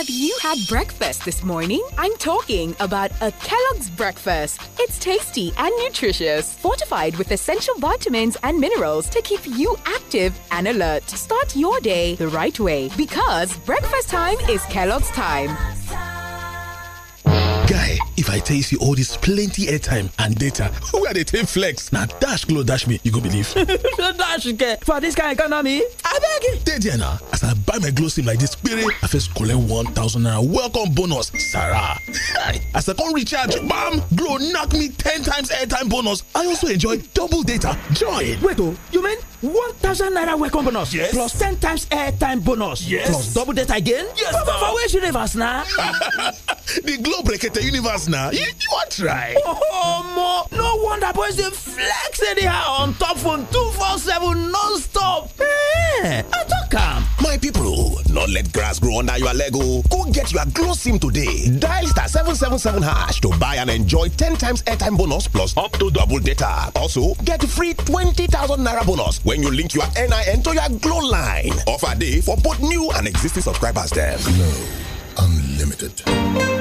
Have you had breakfast this morning? I'm talking about a Kellogg's breakfast. It's tasty and nutritious, fortified with essential vitamins and minerals to keep you active and alert. Start your day the right way because breakfast time is Kellogg's time. Guy, if I tell you all this plenty airtime and data, who are they take flex? Now dash glow dash me, you go believe. (laughs) dash get for this kind economy. shege dey there na as i buy my glow sim like this, kpere i first collect one thousand naira welcome bonus sarah as i come recharge bam glow knock me ten times airtime bonus i also enjoy double data join wait oh, you mean one thousand naira welcome bonus yes plus ten times airtime bonus yes plus double data again yes for where she live as now? the globe the universe now. you, you wan try. Oh mo, no wonder boys dey flex anyhow on top phone two four seven non-stop. Hey, eh, i don't am. my people not let grass grow under your lego. Oh. go get your glow sim today dial star seven seven seven hash to buy and enjoy ten times airtime bonus plus up to double data also get free twenty thousand naira bonus when you link your nin to your glow line offer day for both new and existing subscribers dem. glow unlimited.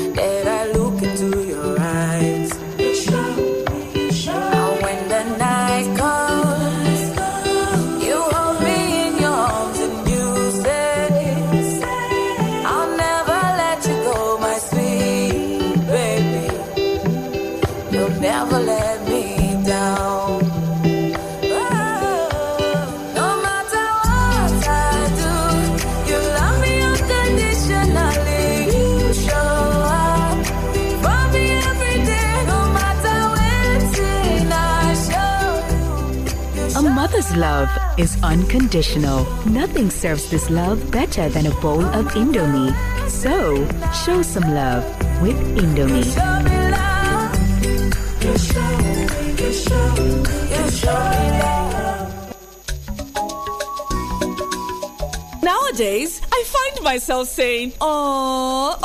love is unconditional. Nothing serves this love better than a bowl of Indomie. So, show some love with Indomie. Nowadays, I find myself saying, "Oh."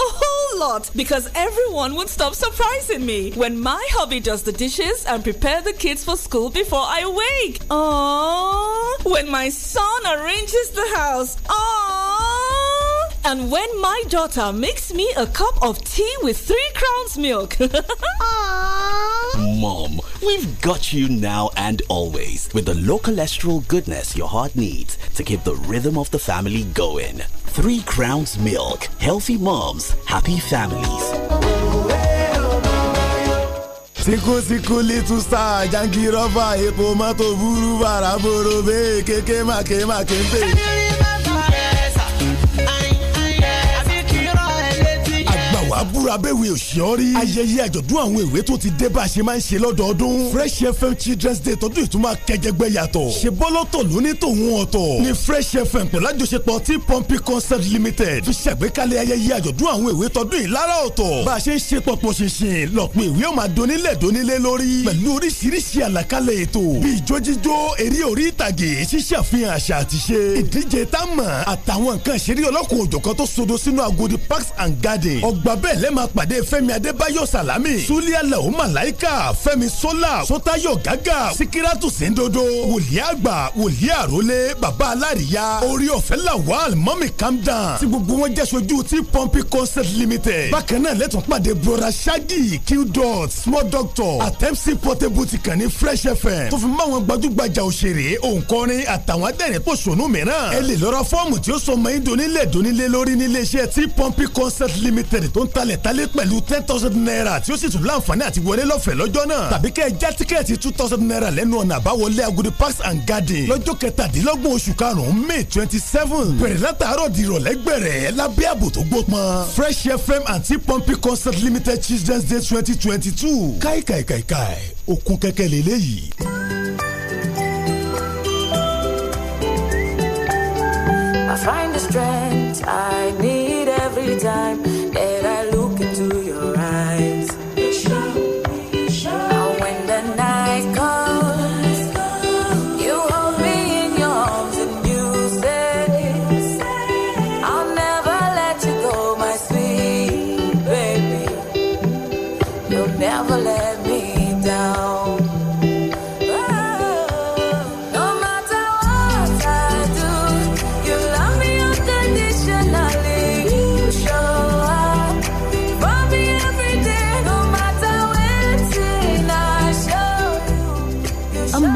lot because everyone would stop surprising me when my hubby does the dishes and prepare the kids for school before I wake. Aww. When my son arranges the house. Aww. And when my daughter makes me a cup of tea with three crowns milk. (laughs) Mom, We've got you now and always with the low cholesterol goodness your heart needs to keep the rhythm of the family going. Three Crowns Milk. Healthy moms, happy families. síkúsíkú little star jankiroba epo mọ́tò burú bàrà borobe kéké màkè màkè wàá búra bẹ́ẹ̀wé òṣìṣẹ́ rí. ayẹyẹ àjọ̀dún àwọn èwe tó ti dé bá a ṣe máa ń ṣe lọ́dọọdún. Fresh FM Children's Day tọdún ìtumọ̀ kẹjẹgbẹ́ yàtọ̀. ṣe bọ́lọ́tọ̀ lóní tòun ọ̀tọ̀. ní Fresh FM pẹ̀lú àjọṣepọ̀ tí Pompi Concert Limited fi ṣàgbékalẹ̀ ayẹyẹ àjọ̀dún àwọn èwe tọdún ìlara ọ̀tọ̀. bá a ṣe ń ṣe pọ̀pọ̀ ṣinṣin lọ́pọ̀ èwe ó máa donílẹ̀ donílẹ̀ lórí. pẹ̀lú oríṣiríṣi àlàkalẹ̀ ètò bíi jójíjó eré orí ìtàgé ṣíṣàfihàn àṣà àtiṣe ìdíje támà àtàwọn nǹkan ìṣeré ọlọ́kùnrin òjọ̀kan tó sodo sínú Agodi Parks and Gardens ọgbà níbẹ̀ lẹ́ máa pàdé fẹ́mi adébáyọ̀ sàlámì súlẹ̀ aláwọ̀ màláìka fẹ́mi sọ́là sọ́tayọ̀ gàgà síkírátù síndodo wòlíì àgbà wòlíì àrólé bàbá aláríyá orí ọ̀fẹ́ lawal mọ́mì camdan tí gbogbo wọn jẹ́ sojú tí pọ́ǹpì concert limited bákan náà lẹ́tọ̀ pàdé broda shaggy q dot small doctor àtẹ́msì portable ti kàn ní fresh fm tó fi mọ́ àwọn gbajúgbajà òṣèré òǹkọrin àtàwọn adẹ́rìn pòṣónú mìíràn ẹ lè lọ́ra fọ́ọ̀mù tí ó sọ mọ́ ẹ́ donílẹ̀ donílẹ̀ lórí níléeṣẹ́ tí pọ́ǹpì concert limited tó ń talẹ̀ talẹ̀ pẹ̀lú ten thousand naira tí ó sì tún láǹfààní àti wọlé lọ́fẹ̀ẹ́ lọ́jọ́ náà tàbí kẹ́ ẹ já tíkẹ́ẹ̀tì two thousand naira lẹ́nu ọ̀nà àbáwọlé Agodi Parks and Garden lọ́jọ́ kẹtàdínlọ́gbọ̀n oṣù karùn-ún May twenty seven bẹ̀rẹ̀ látàárọ̀ di ìrọ̀lẹ́ lábẹ́ ààbò tó gbópọn Fresh FM àti Pompi Concert Limited Children's Day twenty twenty two káìkàìkàìkàì òkun kẹ́kẹ́ I find the strength I need every time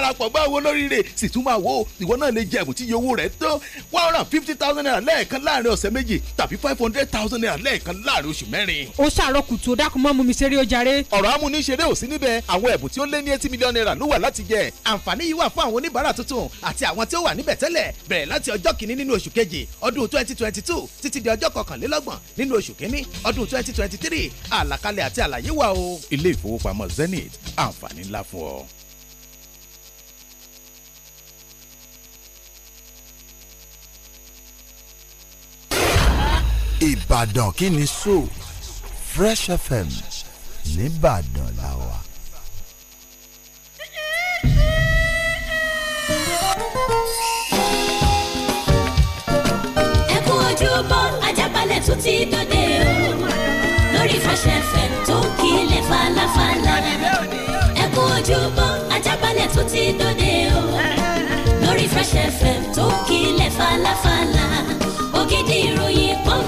darapọ̀ bá owó lóríire sì tún máa wò ó ìwọ náà lè jẹ ẹ̀bùn tí iye owó rẹ̀ tó one hundred and fifty thousand naira lẹ́ẹ̀kan láàrin ọ̀sẹ̀ méjì tàbí five hundred thousand naira lẹ́ẹ̀kan láàrin oṣù mẹ́rin. ó ṣàárọ̀ kùtù dákun mọ́ mú mi ṣeré ọ̀rọ̀ amúniṣeré ò sí níbẹ̀ àwọn ẹ̀bùn tí ó lé ní eighty million naira ló wà láti jẹ àǹfààní yìí wà fún àwọn oníbàárà tuntun àti àwọn tí ó wà níbẹ̀ tẹ́lẹ̀ bẹ̀rẹ̀ láti ọjọ́ kìíní nínú oṣù kejì ọdún twenty twenty two títí di ọjọ́ kọkànlélọ́gbọ̀n nínú oṣù kìíní ọdún twenty twenty three àlàkalẹ̀ àti àlàyé wà o. ilé ìfowópamọ́ Zenith àǹfààní ńlá fún ọ. Ìbàdàn kí ni so Fresh FM nìbàdàn la wà. ẹ kú ojúbọ Ajábalẹ̀ tún ti dòde o lórí Fresh FM tó ń kílẹ̀ falafala ẹ kú ojúbọ Ajábalẹ̀ tún ti dòde o lórí Fresh FM tó ń kílẹ̀ falafala ògidì ìròyìn pọ́n.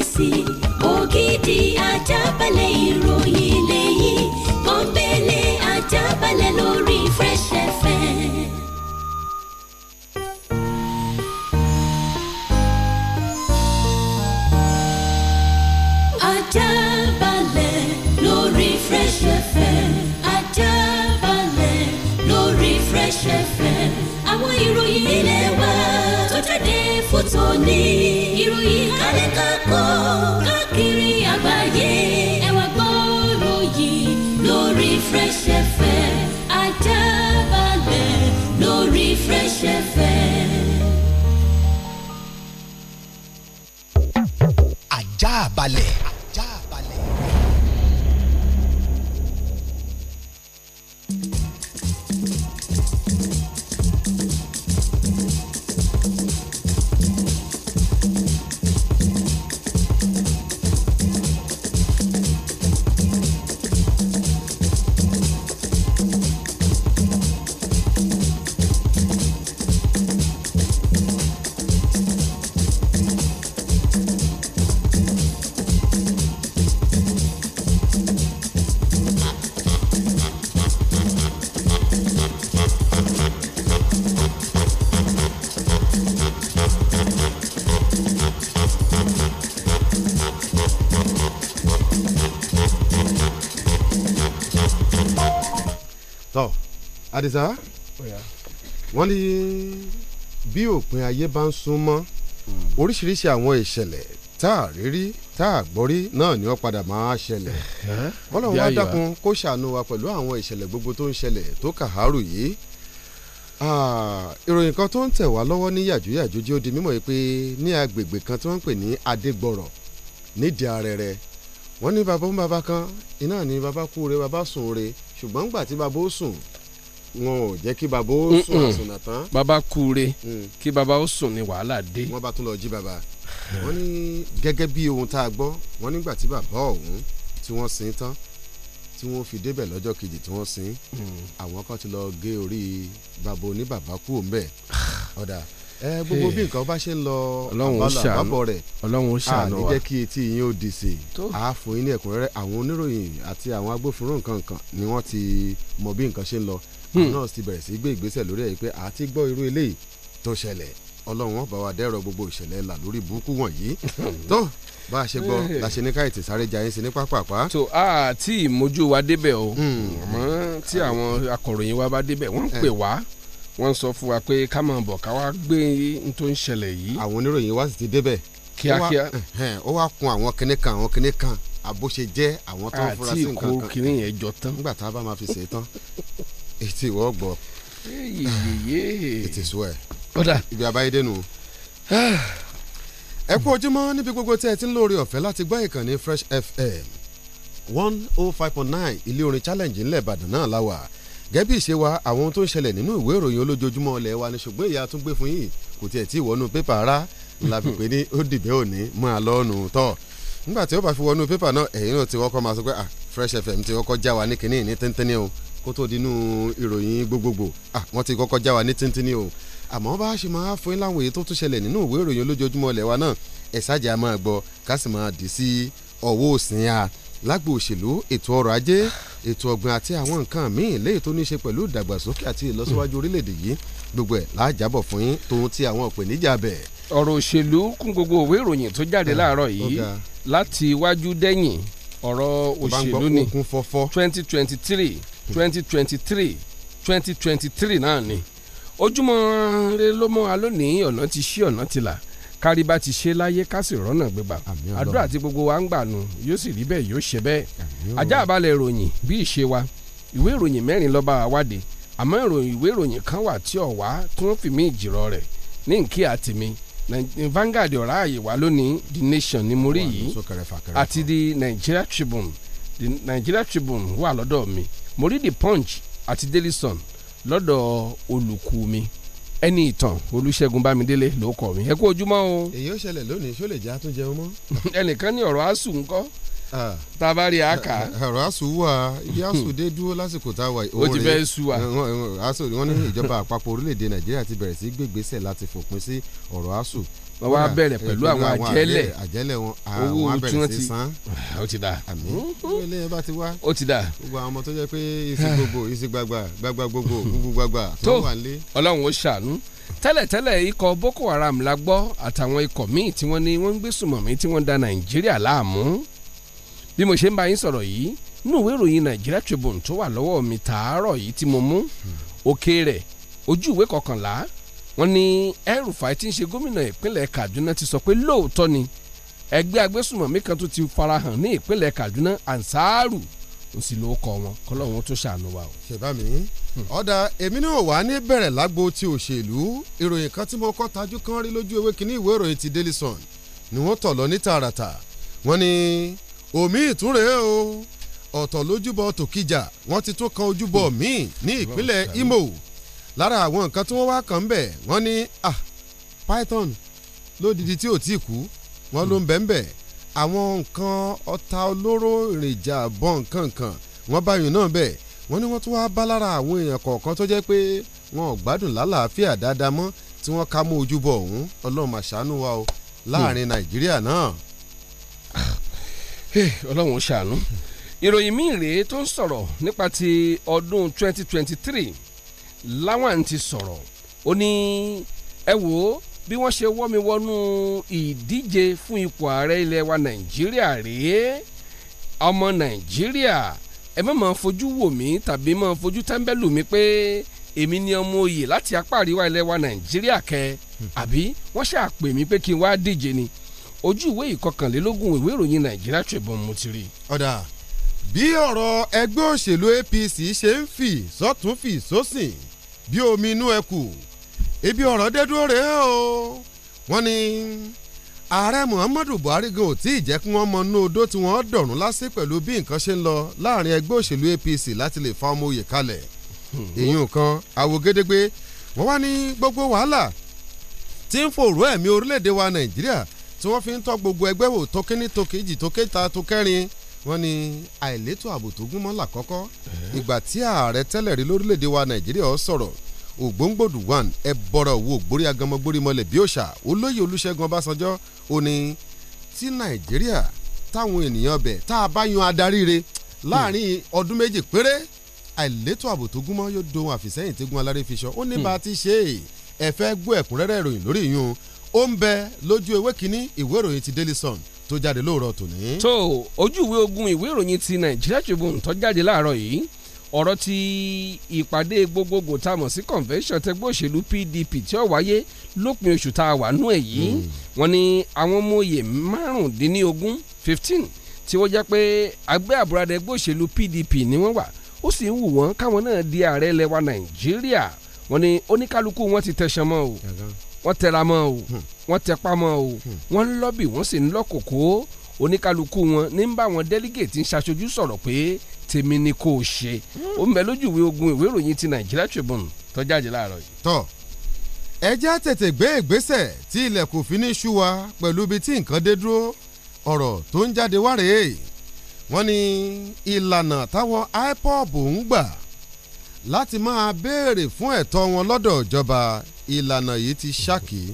ògidì ajábalẹ̀ ìròyìn. àdìsá wọ́n ní bí òpin ayé bá ń sún mọ́ oríṣiríṣi àwọn ìṣẹ̀lẹ̀ tá a rí rí tá a gbọ́ rí náà ni wọ́n padà máa ṣẹlẹ̀ Ọlọ́run wá dákun kó ṣàánú wa pẹ̀lú àwọn ìṣẹ̀lẹ̀ gbogbo tó ń ṣẹlẹ̀ tó kàhárù yìí ìròyìn kan tó ń tẹ̀ wá lọ́wọ́ ní yàjóyàjó jẹ́ ó di mímọ̀ yìí pé ní agbègbè kan tí wọ́n ń pè ní adégbọ̀rọ̀ nídìí arẹrẹ wọ́n ní bàbá ń bàbá kan iná ní bàbá kú re bàbá sùn re ṣùgbọ́n gbà tí bàbá sùn wọn ò jẹ́ kí baba ó sùn àsùnà tán. baba kúure mm. kí baba ó sùn ni wàhálà dé. wọ́n bá tún lọ jí baba wọ́n ní gẹ́gẹ́ bí ohun tá a gbọ́ wọ́n nígbà tí bàbá ọ̀hún tí wọ́n sin tán tí wọ́n fi débẹ̀ lọ́jọ́ kejì tí wọ́n sin mm. àwọn kan ti lọ gé orí baba oníbàbá kú òun bẹ́ẹ̀ ọ̀dà gbogbo bí nǹkan bá ṣe ń lọ àbábọ̀ rẹ̀ àníjẹ́ kí etí yín ó di sí i àáfòyín ní ẹ̀kúnrẹ́rẹ́ àwọn oníròyìn àti àwọn agbófinró nǹkan kan ni wọ́n ti mọ bí nǹkan ṣe ń lọ òun hmm. náà ti bẹ̀rẹ̀ sí gbé ìgbésẹ̀ lórí ẹ̀ pé àti gbọ́ irú eléyìí tó ṣẹlẹ̀ ọlọ́run wọn bá wa dẹ́rọ̀ gbogbo ìṣẹ̀lẹ̀ là lórí burúkú wọ̀nyí (laughs) tó bá a ṣe gbọ́ la ṣe ní káyìtì sáré jayé sí ní pápápá. tó a tí ìmójú wa débẹ̀ o hmm. àmọ́ tí àwọn akọ̀ròyìn wa bá débẹ̀ wọ́n ń pè eh. wá wọ́n sọ fún wa pé ká máa bọ̀ ká wá gbé n tó ń ṣẹlẹ̀ yìí. àwọn oníròyìn wa sì ti débẹ̀ kíákíá ó wá kun àwọn kinní kan àwọn kinní kan àbó ṣe jẹ́ àwọn tó ń fura sí nǹkan kan àti ìkó kinní yẹn jọ tán. nígbà tá a bá máa fi ṣe é tán etí ìwọ gbọ́. it is well. kódà. ibi àbáyédé nù. (sighs) ẹ kú ojúmọ́ níbi gbogbo tí ẹ ti ń lóore ọ̀fẹ́ láti gbọ́ ìkànnì fresh fm one oh five point nine ilé orin challenge ńlẹ̀ ìbàdàn náà la wà gẹ́bí ìṣe wa àwọn ohun tó ń ṣẹlẹ̀ nínú ìwé ìròyìn olójoojúmọ́ ọlẹ́ wa ni ṣùgbọ́n ìyá tún gbé fún yìí kò tiẹ̀ tí wọnú pépà rárá la fi pè ní ó dìbẹ́ òní mọ́ a lọ́ọ̀nù tọ̀ nígbà tí ó bá fi wọnú pépà náà ẹ̀yin náà ti wọ́kọ́ máa sọ pé ah fresh fm ti wọ́kọ́ já wa ní kínní ní téńténí o kó tó dinú ìròyìn gbogbogbò wọ́n ti kọ́kọ́ já wa ní tíntínní o àmọ́ bá a ṣe máa fún yín láwọn èyí tó tún ṣẹlẹ̀ nínú ìwé ìròyìn olójoojúmọ́ ilẹ̀ wa náà ẹ̀ ṣáàjà máa gbọ́ ká sì máa dì sí ọwọ́ òsìn a lágbo òṣèlú ètò ọrọ̀ ajé ètò ọ̀gbìn àti àwọn nǹkan míì léyìí tó ní í ṣe pẹ̀lú ìdàgbàsókè àti ìlọsíwájú orílẹ̀-èdè yìí gbogbo ẹ̀ láàjábọ̀ fún yín tòun ti àwọn ìpèníjà bẹ̀. ọ̀rọ̀ òṣèlú kún gbogbo òwe ìròyìn tó jáde láàárọ̀ yìí láti iwájú dẹ́yìn ọ̀rọ̀ òṣèlú ni twenty twenty three twenty twenty three twenty twenty three náà ni ojúmọ́ rẹ ló mọ́ alónìí ọ̀nà ti ṣí ọ̀nà ti là kárí bá ti ṣe láyé ká sì rọ́nà gbégbà àdúrà tí gbogbo wa ń gbà nù yóò sì rí bẹ́ẹ̀ yóò ṣe bẹ́ẹ̀ ajá àbálẹ̀ ìròyìn bí ìṣe wa ìwé ìròyìn mẹ́rin lọ́ba àwádìí àmọ́ ìròyìn ìwé ìròyìn kan wà tí ọ̀wá tó ń fi mí ìjìrọ̀ rẹ̀ ní nkí àtìmí Vanguard ọ̀rá àyè wa lónìí The Nation ni mo rí yìí àti The Nigeria Tribune The Nigeria Tribune wà lọ́dọ̀ mi mo rí the punch àti daily sun lọ́dọ̀ olùkú mi ẹni ìtàn olùṣègùn bámidélé ló kọ mi ẹ kú ojúmọ́ o. èyí ó ṣẹlẹ̀ lónìí ṣó lè jẹ́ àtúnjẹ mọ́. (laughs) ẹnìkan ní ọ̀rọ̀ asù ńkọ́ tá a bá rí àkà. ọ̀rọ̀ asù wà ibi hmm. asù dé dúró lásìkò tá a wà. ó ti fẹ́ sú wa. asù wọ́n ní ìjọba àpapọ̀ orílẹ̀-èdè nàìjíríà ti bẹ̀rẹ̀ sí gbégbésẹ̀ láti fòpin sí ọ̀rọ̀ asù wọ́n wá bẹ̀rẹ̀ pẹ̀lú àwọn àjẹ́lẹ̀ àjẹ́lẹ̀ wọn àwọn abẹ̀rẹ̀ sí san. Ah, ó ti da. àmì hmm? ilé yẹn bá ti wá. ó ti da. gbogbo àwọn ọmọ tó jẹ́ pé isi gbogbo isi ah. gbagba gbagba gbogbo gbogbo gbagba. tó ọlọ́run ó ṣàánú tẹ́lẹ̀tẹ́lẹ̀ ikọ̀ Boko Haram la gbọ́ àtàwọn ikọ̀ míì tí wọ́n ní wọ́n ń gbé sùmọ̀mí tí wọ́n ń da Nàìjíríà láàmú bí mo ṣe ń bá yín sọ̀rọ̀ yìí nínú ìwé ìròyìn Nigeria Tribune tó wà lọ́wọ́ mi tààrọ̀ yìí tí mo mú hmm. òkè rẹ̀ ojú ìwé kọkànlá wọ́n ní El-Rufai tí ń ṣe gómìnà ìpínlẹ̀ Kaduna ti sọ pé lóòótọ́ ni ẹgbẹ́ agbésùmọ̀mí kan tó ti farahàn ní ìpínlẹ̀ Kaduna Ansaru ó sì lóò kọ wọn kọlọ́run tó ṣàánú wa o. ṣèbá mi ọ̀dà èmi náà wà ní bẹ̀rẹ̀ lágbo ti òṣèlú ìròyìn kan tí mo kọ́ tajú kan rí lójú ewé kínní ìwé ìròyìn ti Daily Sun ni wọ́n tọ̀ lọ ní tààràtà wọ́n ní omi ìtúre o ọ̀tọ̀ lójúbọ tòkìjà wọ́n ti tún kan ojúbọ míì ní ìpínlẹ̀ Imo lára àwọn nǹkan tí wọ́n wá kàn ń bẹ̀ wọ́n ní ah, python lódìdí tí ò tí ì kú wọ́n ló ń bẹ̀ ń bẹ̀ àwọn nǹkan ọta olóró ìrìnjà bọ́n kankan wọ́n báyìí náà bẹ̀ wọ́n ní wọ́n tún wá bá lára àwọn èèyàn kọ̀ọ̀kan tó jẹ́ pé wọn ò gbádùn lálàáfíà dáadáa mọ́ tí wọ́n ká mọ́ ojúbọ ọ̀hún ọlọ́run àṣàánú wa o láàrin nàìjíríà náà. ọlọ́run ó ṣàánú ìròyìn míì rèé tó ń sọ̀rọ̀ nípa ti ọdún 2023 Lawan ti sọ̀rọ̀ ó ní ẹ wò ó bí wọ́n ṣe wọ́ mi wọnú ìdíje fún ipò ààrẹ ilẹ̀ wa Nàìjíríà rèé ọmọ Nàìjíríà ẹ má máa fojú wò mí tàbí máa fojú tẹ́ńbẹ́lù mi pé èmi ni ọmọ oyè láti apá àríwá ilẹ̀ wa Nàìjíríà kẹ àbí wọ́n ṣe àpè mí pé kí n wá díje ni ojú ìwé ìkọkànlélógún ìwé ìròyìn Nàìjíríà Tribune mo ti rí. ọ̀dà bí ọ̀rọ̀ ẹgbẹ́ òṣèlú APC ṣe ń fì sọ́tún fì sósìn bí omi inú ẹkù ibi ọ̀rọ̀ dé rèé o wọ́n ní ààrẹ muhammadu buhari gan ò tí ì jẹ́ kí wọ́n mọ inú odó tí wọ́n dọ̀rùn lásì pẹ̀lú bí nǹkan ṣe ń lọ láàrin ẹgbẹ́ òṣèlú apc láti lè fa ọmọ òye kalẹ̀ èyí kan àwògedegbe wọ́n wá ní gbogbo wàhálà tí ń fòrò ẹ̀mí orílẹ̀-èdè wa nàìjíríà tí wọ́n fi ń tọ́ gbogbo ẹgbẹ́ wò tókè ní tókè wọ́n ní àìlétò ààbò tó gún mọ́ làkọ́kọ́ ìgbà tí ààrẹ tẹ́lẹ̀ rí lórílẹ̀‐èdè wa nàìjíríà ọ sọ̀rọ̀ ògbóǹgbòdù one ẹ bọ̀rọ̀ wo ògbórí agamọgbórí mọlẹ̀ bí òòṣà olóyè olúṣẹ́gun ọbásanjọ́ ó ní tí nàìjíríà táwọn ènìyàn bẹ̀ tá a bá yan adarí re láàrin hmm. ọdún méjì péré àìlétò ààbò tó gún mọ́ yóò dohun àfìsẹ́yìn tégun aláré fi sọ ó ní hmm. bá a ti ṣe é ẹ fẹ́ gbọ́ ẹ̀kúnrẹ́rẹ́ ìròyìn lórí ìyún ó ń bẹ lójú ewé kínní ìwé ìròyìn ti Daily Sun tó jáde lóòrọ̀ tòní. tó ojú ìwé ogun ìwé ìròyìn ti Nigeria Tribune tó jáde láàárọ̀ yìí ọ̀rọ̀ ti ìpàdé gbogbogbò tá a mọ̀ sí convention tẹgbẹ́ òṣèlú PDP tí ó wáyé lópin oṣù tá a wà nú ẹ̀ yìí hmm. wọ́n ní àwọn ọmọ oyè márùndínlógún fifteen tí wọ́n jẹ́ pé agbẹ́ àbúradà ẹgbẹ́ òṣèlú PDP ni wọ́n wà ó sì ń wù wọ́n káwọn náà di ààrẹ lẹ́wà Nàìjíríà wọ́n ní oníkálukú wọn ti tẹ̀sán mọ́ o wọ́n tẹra mọ́ o hmm wọ́n tẹpá mọ́ o hmm. wọ́n ń lọ́bì wọ́n sì ń lọ́kòkó oníkálukú wọn ní ń bá wọn délígèètì ń ṣaṣojú sọ̀rọ̀ pé tèmi ni kò ṣe hmm. ó ń bẹ lójú ìwé ogun ìwé ìròyìn ti Nigeria Tribune tó jáde láàárọ̀ yìí. tọ́ ẹ já tètè gbé ìgbésẹ̀ tí ilẹ̀ kò fi ní ṣú wa pẹ̀lú ibi tí nǹkan dé dúró ọ̀rọ̀ tó ń jáde wá rèé wọ́n ní ìlànà táwọn IPOB ń gbà láti máa béèrè fún ẹ̀tọ́ wọn lọ́dọ̀ ìjọba ìlànà yìí ti ṣákìí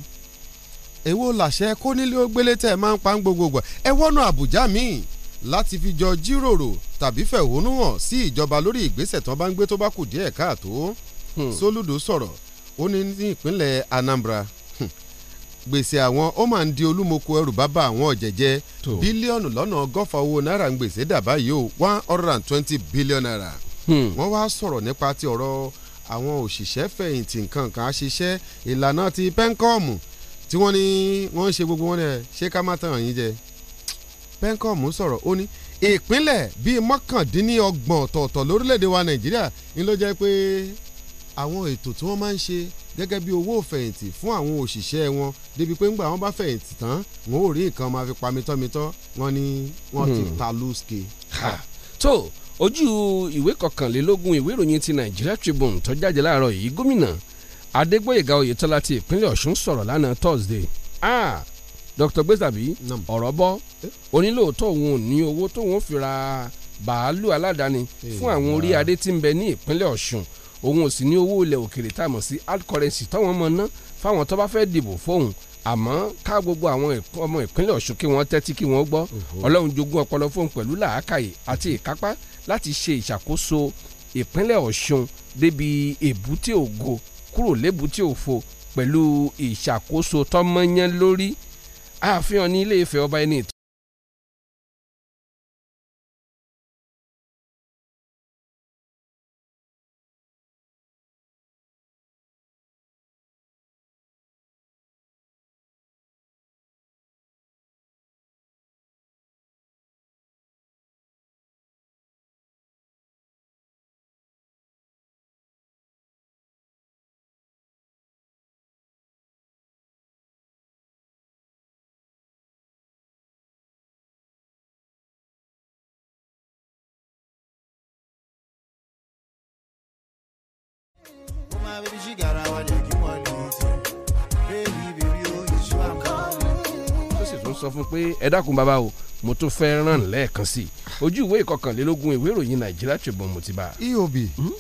èwo làṣẹ kó nílé ó gbélé tẹ́ ẹ máa ń pa ń gbogbogbò ẹ wọ́nà àbújá míì láti fi jọ jíròrò tàbí fẹ̀hónú hàn sí ìjọba lórí ìgbésẹ̀ tán bá ń gbé tó bá kù díẹ̀ káàtó hmm. Sólúdò sọ̀rọ̀ ó ní ní ìpínlẹ̀ Anambra hmm, gbèsè àwọn ó máa ń di olúmọkọ ẹrù bàbá àwọn ọ̀jẹ̀jẹ̀ bílíọ̀nù lọ́nà ọgọ́fà owó náírà ń gbèsè dàbá yìí ó one hundred and twenty billion naira. Hmm. wọ́n wá sọ̀rọ̀ nípa ti ọ̀rọ̀ àwọn òṣìṣẹ́ nǹkan kan aṣiṣẹ́ ìlànà ti pẹ́ńkọ́ọ̀mù tí wọ́n ní wọ́n ń ṣe gbogbo wọn náà ṣé ká má tàn yín jẹ pẹ́ńkọ́ọ̀mù sọ̀rọ̀ ó ní ìpínlẹ̀ bíi mọ́kàndínlọ́gbọ̀n ọ̀tọ̀ọ̀tọ̀ lórílẹ̀‐èdè wa nàìjíríà ni ló jẹ́ pé àwọn ètò tí wọ́n máa ń ṣe gẹ́gẹ́ bí owó fẹ̀yìntì fún àwọn òṣìṣẹ́ wọn débi pé ńgbà wọn bá fẹ̀yìntì tán wọn ò rí nǹkan máa fi pa mitọ́mitọ́ wọn ni wọ́n ti hmm. ta lóṣìkè. tó ojú ìwé kọkànlélógún ìwé ìròyìn ti Nigeria Tribune tó jáde láàárọ̀ yìí gómìnà Adégbóyèga Oyètọ́lá ti ìpínlẹ̀ Ọ̀ṣun sọ̀rọ̀ lánàá Thursday ah Dr Gbèsàbí ọ̀rọ̀ bọ́ onílòótọ́ eh? òun ò ní owó tóun fi ra bàálù aládàáni eh, fún àwọn orí adé tí ń bẹ ní ìpínlẹ̀ Ọ̀ṣun òun ò sì ní owó ilẹ̀ òkèrè tá a mọ̀ sí hard currency táwọn ọmọ ná fáwọn tó bá fẹ́ dìbò fóun àmọ́ ká gbogbo àwọn ọmọ ìpínlẹ̀ Ọ̀ṣun kí wọ́n tẹ́tí kí wọ́n gbọ́ Ọlọ́run jogún ọpọlọ fóun pẹ̀lú làákàyè àti ìkápá láti ṣe ìṣàkóso ìpínlẹ̀ Ọ̀ṣun débi èbúté ògo kúrò lébùtì òfo pẹ̀lú ìṣàkóso tọ́mọ́yán lórí ààfin ọ̀ní ilé Ifẹ̀ ọba ẹni ìtàn. baby, Baby, oh, you sure I'm calling. Ó sì tún sọ fún pé ẹ dákun bàbá o mo tún fẹ́ ràn lẹ́ẹ̀kan sí i ojú ìwé ìkọkànlélógún ìwé ìròyìn Nàìjíríà Tribune mo ti bá. eob hmm?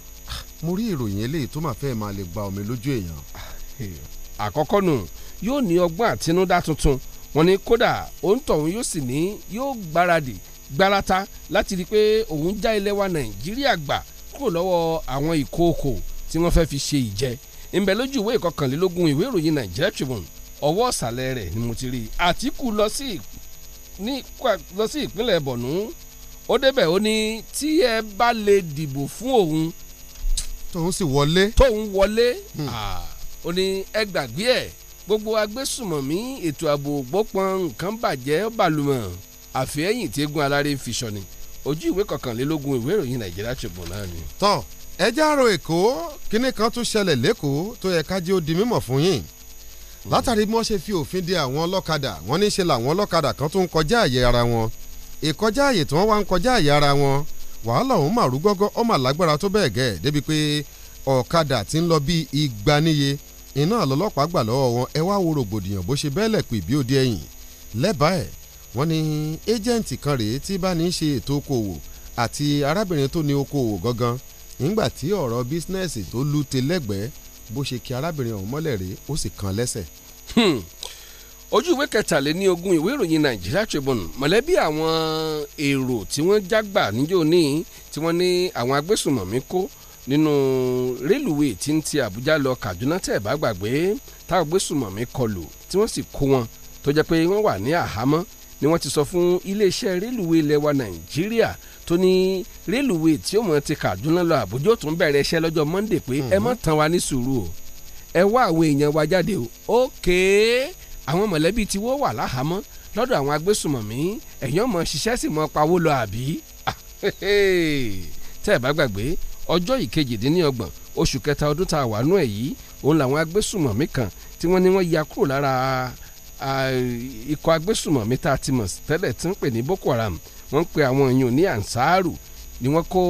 mo rí ìròyìn eléyìí tó máa fẹ́ máa lè gba omi lójú èèyàn. àkọ́kọ́ nù yóò ní ọgbọ́n àtinúdá tuntun wọn ni kódà òǹtọ̀hún yóò sì ní yóò gbáradì gbárata láti rí i pé òun já ilẹ̀ wa Nàìjíríà gbà kúrò lọ́wọ́ àwọn ìkookò tí wọ́n fẹ́ fi ṣe ìjẹ ńbẹ lójú ìwé ìkọkànlélógún ìwé ìròyìn Nigeria Tribune ọwọ́ ọ̀sàlẹ̀ rẹ̀ ni mo ti rí Àtíkù lọ sí ìpínlẹ̀ Borno ó débẹ̀ ó ní tí ẹ bá lè dìbò fún òun tóun sì wọlé tóun wọlé hmm. ó ní ẹ gbàgbé ẹ gbogbo agbésùmọ̀mí ètò ààbò gbópọn nǹkan bàjẹ́ bàlùmọ̀ àfẹ́yìn tí eégún aláré fi sọ ni ojú ìwé kọkànlélógún ìwé ìròyìn Nàìjíríà Tribune náà ni. tán ẹjẹ́ àrò èkó kínní kan tún ṣẹlẹ̀ lẹ́kọ̀ọ́ tó yẹ kájí ó di mímọ̀ fún yín hmm. látàrí bí wọ́n ṣe fi òfin de àwọn ọlọ́kadà wọ́n ní ṣe làwọn ọlọ́kadà kan tún ń kọjá àyè ara wọn ìkọjá àyè tí wọ́n wá ń kọjá àyè ara wọn wàhálà òun màrú gọ́gọ́ ọmọ àlágbára tó bẹ́ẹ̀ gẹ́ débi pé ọ̀kadà ti ń lọ bí igba níye iná àlọ́lọ́pàá gbà lọ́wọ́ wọn ẹ wá wo rògbòdìyàn bó ṣe bẹ́ẹ̀ lẹ̀kùn ìbí òde ẹ̀yìn lẹ́bàá ẹ̀ wọ́n ní éjẹ́ǹtì kan rèé tí bá ní ṣe ètò okòwò àti arábìnrin tó ní okòwò gangan nígbà tí ọ̀rọ̀ bísínẹ́sì tó lu telẹ́gbẹ̀ẹ́ bó ṣe kí arábìnrin ọ̀hún mọ́lẹ̀ rèé ó sì kan lẹ́sẹ̀. Hmm. ojú ìwé kẹtàléní ìwé ìròyìn Nigeria Tribune mọ̀lẹ́bí àwọn èrò tí wọ́n jágbà níjó ní tí wọ́n ní àwọn agbésùmọ̀mí kó nínú rélùwéè tí ń ti Àbújá lọ Kaduna tẹ̀ bá gbàgbé táwọn agbésùmọ̀mí kọlù tí wọ́n sì kó wọn tó jẹ́ pé wọ́n wà ní àhámọ́ ni wọ́n ti sọ fún iléeṣẹ́ rélùwéè lẹ́wà Nàìjíríà tó ní rélùwé tí ó mọ̀ ti Kaduna lọ Àbújá tún bẹ̀rẹ̀ iṣẹ́ lọ́jọ́ Monday pé ẹ má mhm. tàn wá ní sùúrù o ẹ wá àwọn èèyàn wa jáde o ókè àwọn mọ̀lẹ́bí tí wọ́n wà láhàámọ́ lọ́dọ̀ àwọn agbésùmọ̀mí ẹ̀yàn mọ̀ ṣiṣẹ́ sì mọ̀ pawó lọ àbí (laughs) tẹ́ ẹ bá gbàgbé ọjọ́ ìkejìdínlọ́gbọ̀n oṣù kẹta ọdún tá a wà nú ẹ̀ yìí òun làwọn agbésùmọ̀mí kan tí wọ́n ní wọ́n ya kúrò lára ikọ̀ agbésùmọ̀mí tá a ti mọ̀ tẹ́lẹ̀ tí ń pè ní Boko Haram wọ́n ń pe àwọn èèyàn ní ansaru ni wọ́n kó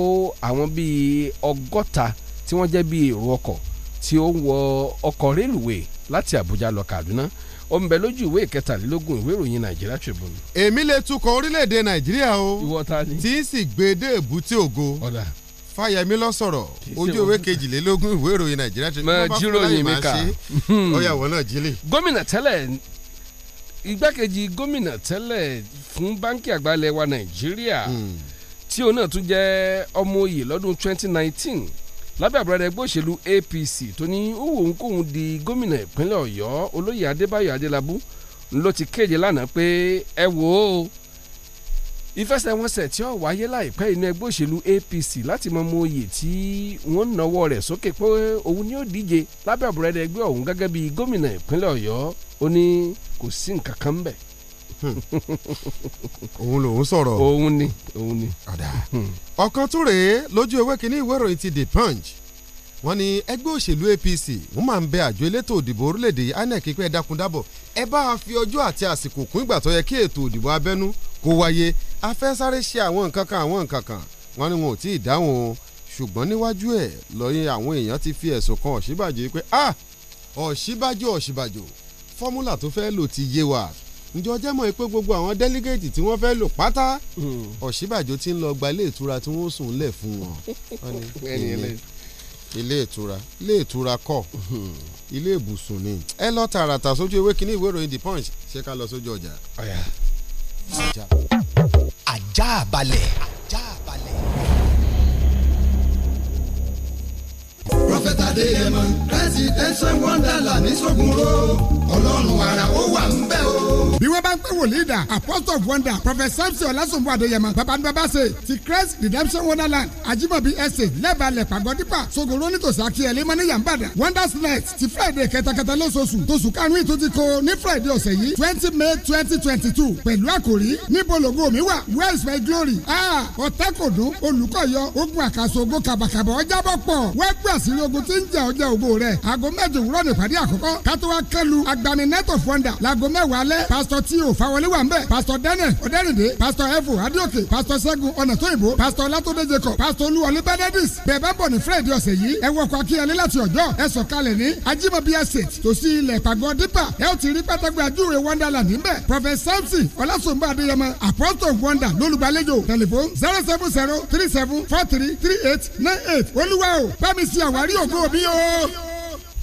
àwọn bíi ọgọ́ta tí wọ́n jẹ́ bíi èrò ọkọ̀ tí ó wọ ọkọ̀ rélùwéè láti Àbújá lọ Kaduna ó ń bẹ lójú ìwé ìkẹtàlélógún ìwé ìròyìn Nàìjíríà Tribune. èmi lè tukọ̀ orílẹ̀-èdè Nàìjíríà o ìwọ ta ni tí ń sì gbé dé èbúté ògo. ọ̀dà fáyemí lọ sọ̀rọ̀ ojú ìwé kejìlélógún ìwé ìròyìn nàìjíríà ti ní wọn bá fún ọyàwó náà jílè. gómìnà tẹ́lẹ̀ igbákejì gómìnà tẹ́lẹ̀ fún báńkì àgbà ilẹ̀ wa nàìjíríà hmm. tí òun náà tún jẹ́ ọmọ oyè lọ́dún 2019 lábẹ́ àbúrò ẹgbẹ́ òṣèlú APC tó ní òwò òǹkóhun di gómìnà ìpínlẹ̀ ọ̀yọ́ olóyè adébáyọ̀ adélábù ló ti kéde lánàá pé ẹ wò ó ìfẹsẹ̀wọnsẹ̀ tí ó wáyé láìpẹ́ inú ẹgbẹ́ òṣèlú APC láti mọ mọ oyè tí wọ́n ń nawọ́ rẹ̀ sókè pé òun ni ó díje lábẹ́ àbúrò ẹgbẹ́ ọ̀hún gẹ́gẹ́ bíi gómìnà ìpínlẹ̀ ọ̀yọ́ ó ní kò sí nǹkan kan ń bẹ̀. Hmm. òun lòun sọ̀rọ̀ òun ni òun ni. Hmm. ọ̀kan tó rèé lójú ewé kínní ìwé ìròyìn ti The Punch wọ́n ní ẹgbẹ́ òṣèlú APC wọ́n máa ń bẹ àjọ elétò òdìbò orílẹ̀‐èdè INEC pé ẹ dákun dábọ̀ ẹ bá a fi ọjọ́ àti àsìkò kún ìgbà tó yẹ kí ètò òdìbò abẹ́nú kó wáyé a ṣe àwọn nǹkan kan àwọn nǹkan kan wọ́n ní wọn ò tí ì dáhùn o ṣùgbọ́n níwájú ẹ̀ lọ́yìn àwọn èèyàn ti fi ẹ̀sùn kan Ọ̀ṣínbàjò yìí pé ah Ọ̀ṣínbàjò Ọ̀ṣínbàjò fọ́múlà tó fẹ́ lò ti yé wa ǹjọ́ jẹ́ mọ̀ pé gbogbo àwọn délégéètì tí wọ́n fẹ́ lò pátá hmm. ọ̀ṣíbàjò ti ń lọ gba ilé ìtura tí wọ́n sùn lẹ̀ fún wọn. ilé ìtura ilé ìtura kọ́ hmm. ilé ìbùsùn ni ẹ lọ tààràtà sójú ewé kínní ìwé ìròyìn the punch ṣé ká lọ sójú ọjà. ajá balẹ̀. ajá balẹ̀. Prophet Adéyẹmọ presidential wonderland ní Sogoro ọlọ́run ara ó wà ń bẹ̀ o. bí wọ́n bá ń pẹ́ wòlíì dà apostle of wonder prophet samson ọlásùnfún adéyẹmọ babanubabase ti christ redemption wonderland ajimobi estate lẹ́bàálẹ̀ pàgọ́dípà Sogoro nítòsí akíyẹlé mọ́níyà ń yambada. wonders night ti friday kẹtàkẹtà lóṣooṣù tóṣù karùn-ún ìtútí ko ní friday ọ̀sẹ̀ yìí twenty may twenty twenty two pẹ̀lú àkòrí níbo lògo mi wà where is my glory ah, ọ̀tẹ́kọ̀dún olùkọ́yọ ogun àkàsọ̀ ogun kàbàkàbà ọjàbọ̀ pọ̀ wẹ́pẹ́ àṣírí ogun tí ń jà ọjà ògo rẹ̀ aago mẹ́jọ òwúrọ̀ nípàdé àkọ́kọ́ kátó wa kẹlu agbani net of wonder laago mẹ́wàá alẹ́ pásítọ̀ tí o fawọlé wà ń bẹ̀ pásítọ̀ daniel ọ̀dẹ́rìndé pásítọ̀ ẹ̀fọ́ adéòkè pásítọ̀ sẹ́gun ọ̀nàtóyìnbó pásítọ̀ látọ́dé jacob pásítọ̀ olúwọlé benedict bẹ́ẹ̀ bá bọ̀ ní friday ọ̀sẹ̀ yìí telephone zero seven zero three seven four three three eight nine eight olúwa o bá mi ṣe mi o.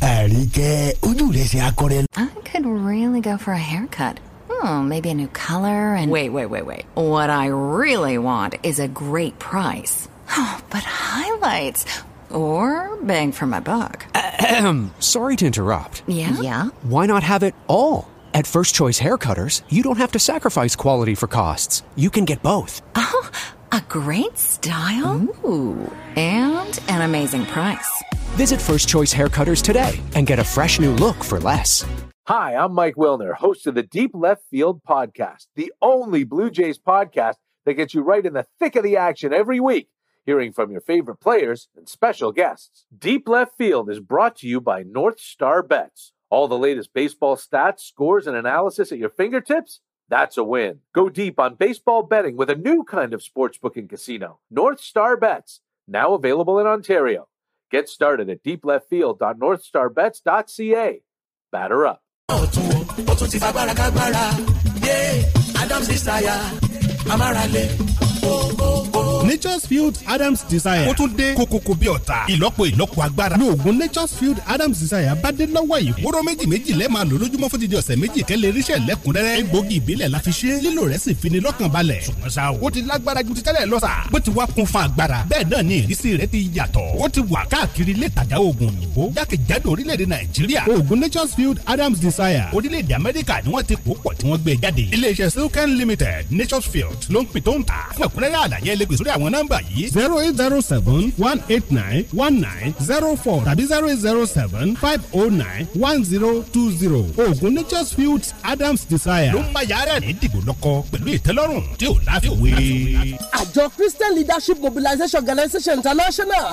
àríkẹ́ ojú rẹ̀ ṣe akọrẹ. I could really go for a haircut. Oh, maybe a new color and. Wait, wait, wait, wait. What I really want is a great price. Oh, but highlights or bang for my buck. Uh, Sorry to interrupt. Yeah? Yeah. Why not have it all? At First Choice Haircutters, you don't have to sacrifice quality for costs. You can get both. Oh, a great style. Ooh. And an amazing price. Visit First Choice Haircutters today and get a fresh new look for less. Hi, I'm Mike Wilner, host of the Deep Left Field podcast, the only Blue Jays podcast that gets you right in the thick of the action every week, hearing from your favorite players and special guests. Deep Left Field is brought to you by North Star Bets. All the latest baseball stats, scores, and analysis at your fingertips? That's a win. Go deep on baseball betting with a new kind of sportsbook and casino, North Star Bets, now available in Ontario. Get started at deepleftfield.northstarbets.ca. Batter up. nature's field adams desire. ó tún dé kokoko bí ọ̀tá ìlọ́po ìlọ́po agbára. ní oògùn nature's field adams desire bá dé lọ́wọ́ yìí. wóró méjì méjì lẹ́ẹ̀ máa lò lójúmọ́ fún dídí ọ̀sẹ̀ méjì kẹ́lẹ́ irísẹ́ lẹ́kùnrẹ́rẹ́. egbògi ìbílẹ̀ la fi ṣe lílo rẹ̀ sì fi ni lọ́kàn balẹ̀. ṣùgbọ́n sa o. ó ti lágbára ju ti tẹ́lẹ̀ lọ sa. bó ti wá kún fún agbára. bẹ́ẹ̀ náà ni ìrísí rẹ̀ ti yàtọ̀. ó ti wà káàkiri ilé oògùn òyìnbó. adams desire. orílẹ̀-èdè amẹ́ríkà ni wọ́n ti kó pọ̀ tí wọ́n gbé jáde. limited nature's field ló ń pin tó ń ta. fún ẹ̀kúnrẹ́rẹ́ àlàyé ẹlẹgbẹ̀sórí àwọn nọ́mbà yìí zero eight zero seven one eight nine one nine zero four tàbí zero eight zero seven five oh nine one zero two zero oògùn nature's fields adams desire. ló ń bá yàrá ní dìbò lọ́kọ́ pẹ̀lú ìtẹ́lọ́rùn tí ò láfiwé. àjọ christian leadership mobilization organization international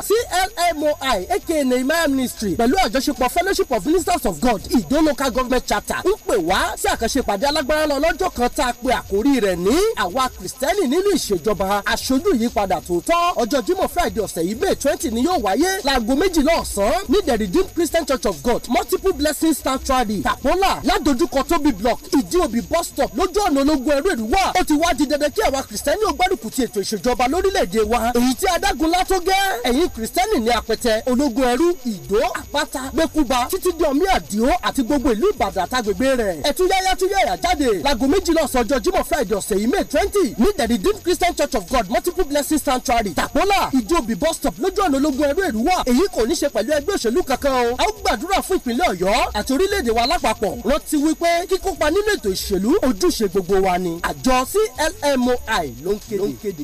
clmoi aka nehemiah ministry pẹ̀lú àjọṣepọ̀ fellowship of ministers of god ìdó local government chapter ń pè wá sí àkànṣe ìpàdé alágbára lọ́jọ́ kan tá a pè àkórí rẹ̀ ní àwa kristẹni nínú ìṣèjọba aṣojú yìí ìyípadà tòótọ́ ọjọ́ Jímọ̀ Friday ọ̀sẹ̀ yìí May twenty ni yóò wáyé láago méjìlá ọ̀sán ní the Redeemed Christian Church of God multiple blessing sanctuary Tàpọ́là ládojúkọ Tóbi block Ìdíòbí bus stop lójú ọ̀nà ológun ẹrú ìrúwà ó ti wá di dandan kí àwa kìrìsìtẹ́nì ò ti ètò ìṣèjọba lórílẹ̀‐èdè wa èyí tí adágúnlá tó gẹ́ ẹ̀yin kìrìsìtẹ́nì ní apẹtẹ ológun ẹrú ìdó àpáta gbẹkúba títí di ọmí àdìó àti gbogbo ìlú ìbàdàn àtàgbègbè rẹ̀ ẹ̀tún yáyá tún méjìlá ọ̀sán ọjọ́ Jímọ̀ Friday ọ̀sẹ̀ yìí May twenty ní the Redeemed Christian Church of God multiple genesis sanctuary tàpọ́là ìjòbí bus stop lójú ọ̀nà ológun ẹrú ẹ̀rú wà èyí kò ní ṣe pẹ̀lú ẹgbẹ́ òṣèlú kankan o a ó gbàdúrà fún ìpínlẹ̀ ọ̀yọ́ àti orílẹ̀-èdè wa lápapọ̀ rántí wípé kíkópa nínú ètò ìṣèlú ojúṣe gbogbo wa ni àjọ clmoi ló ń kéde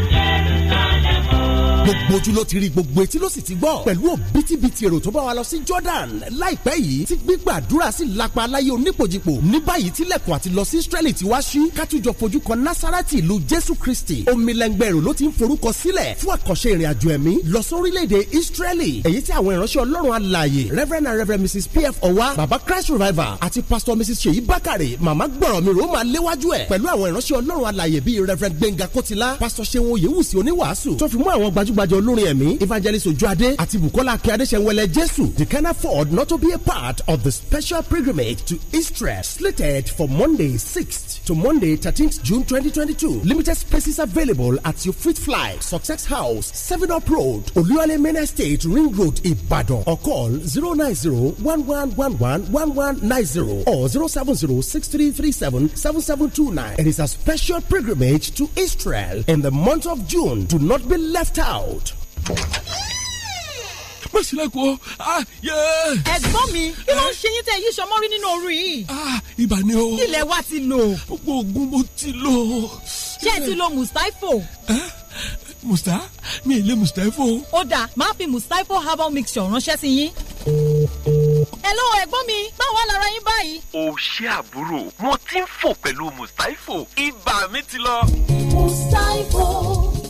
gbogbo ojú ló ti rí gbogbo etí ló sì ti gbọ́ pẹ̀lú òbítíbitì èrò tó bá wa lọ sí Jordan láìpẹ́ yìí tí gbígbàdúrà sì lapa aláyé onípojìpò ní báyìí tilẹ̀kùn àti lọ sí Israeli ti wá sí kátújọ fojú kan Nasarati ìlú Jésù Kristi omilẹ̀ngbẹ̀ èrò ló ti ń forúkọ sílẹ̀ fún àkànṣe ìrìnàjò ẹ̀mí lọ sórílẹ̀-èdè Israeli èyí tí àwọn ìránṣẹ́ Ọlọ́run alààyè Reverend and Reverend Mrs P.F. Ọwa Baba Christ Revival àti Pastor Mrs Ṣèyí Bákàrè màmá gbọ̀rọ̀ mi rò ó máa léwájú ẹ̀ pẹ̀lú àwọn ìránṣẹ́ Reverend Gbẹ̀ngà Kótìlá Pastor Ṣeun Oyèwùsì oníwàásù tó fi mú àwọn gbajúgbajà olórin ẹ̀mí evangelist ojuade àti bukola akíade ṣẹ̀wẹ̀lẹ̀ jésù they can afford not to be a part of the special pilgrimage to Israel slated for Monday 6th to Monday 13th June 2022. Limited spaces available at your Fit Fly, Success House, 7 Up Road, Oluwale Main Estate, Ring Road, Ibadan or call 090-1111-1190 or 070-6337-7729 and it's a special pilgrimage to Israel in the month of June. Do not be left out out. Mọ̀sílẹ̀kùn ọ́ ah, ẹ̀gbọ́n mi kí ló ń ṣe yín tẹ́ yí sọmọ́rí nínú òru yìí. Ah, ibà ni o. Ilẹ̀ wa ti lò. Gbogbo oògùn mo ti lò. Ṣé ẹ ti lo Mustapho? Musta mi ì lé Mustapho. Ó dáa, máa fi Mustapho herbal mixture ránṣẹ́ sí yín. Hello ẹ̀gbọ́n mi, báwo lára yín báyìí? O ṣé àbúrò, wọ́n ti ń fò pẹ̀lú Mustapho. Ibà mi ti lọ. Mustapho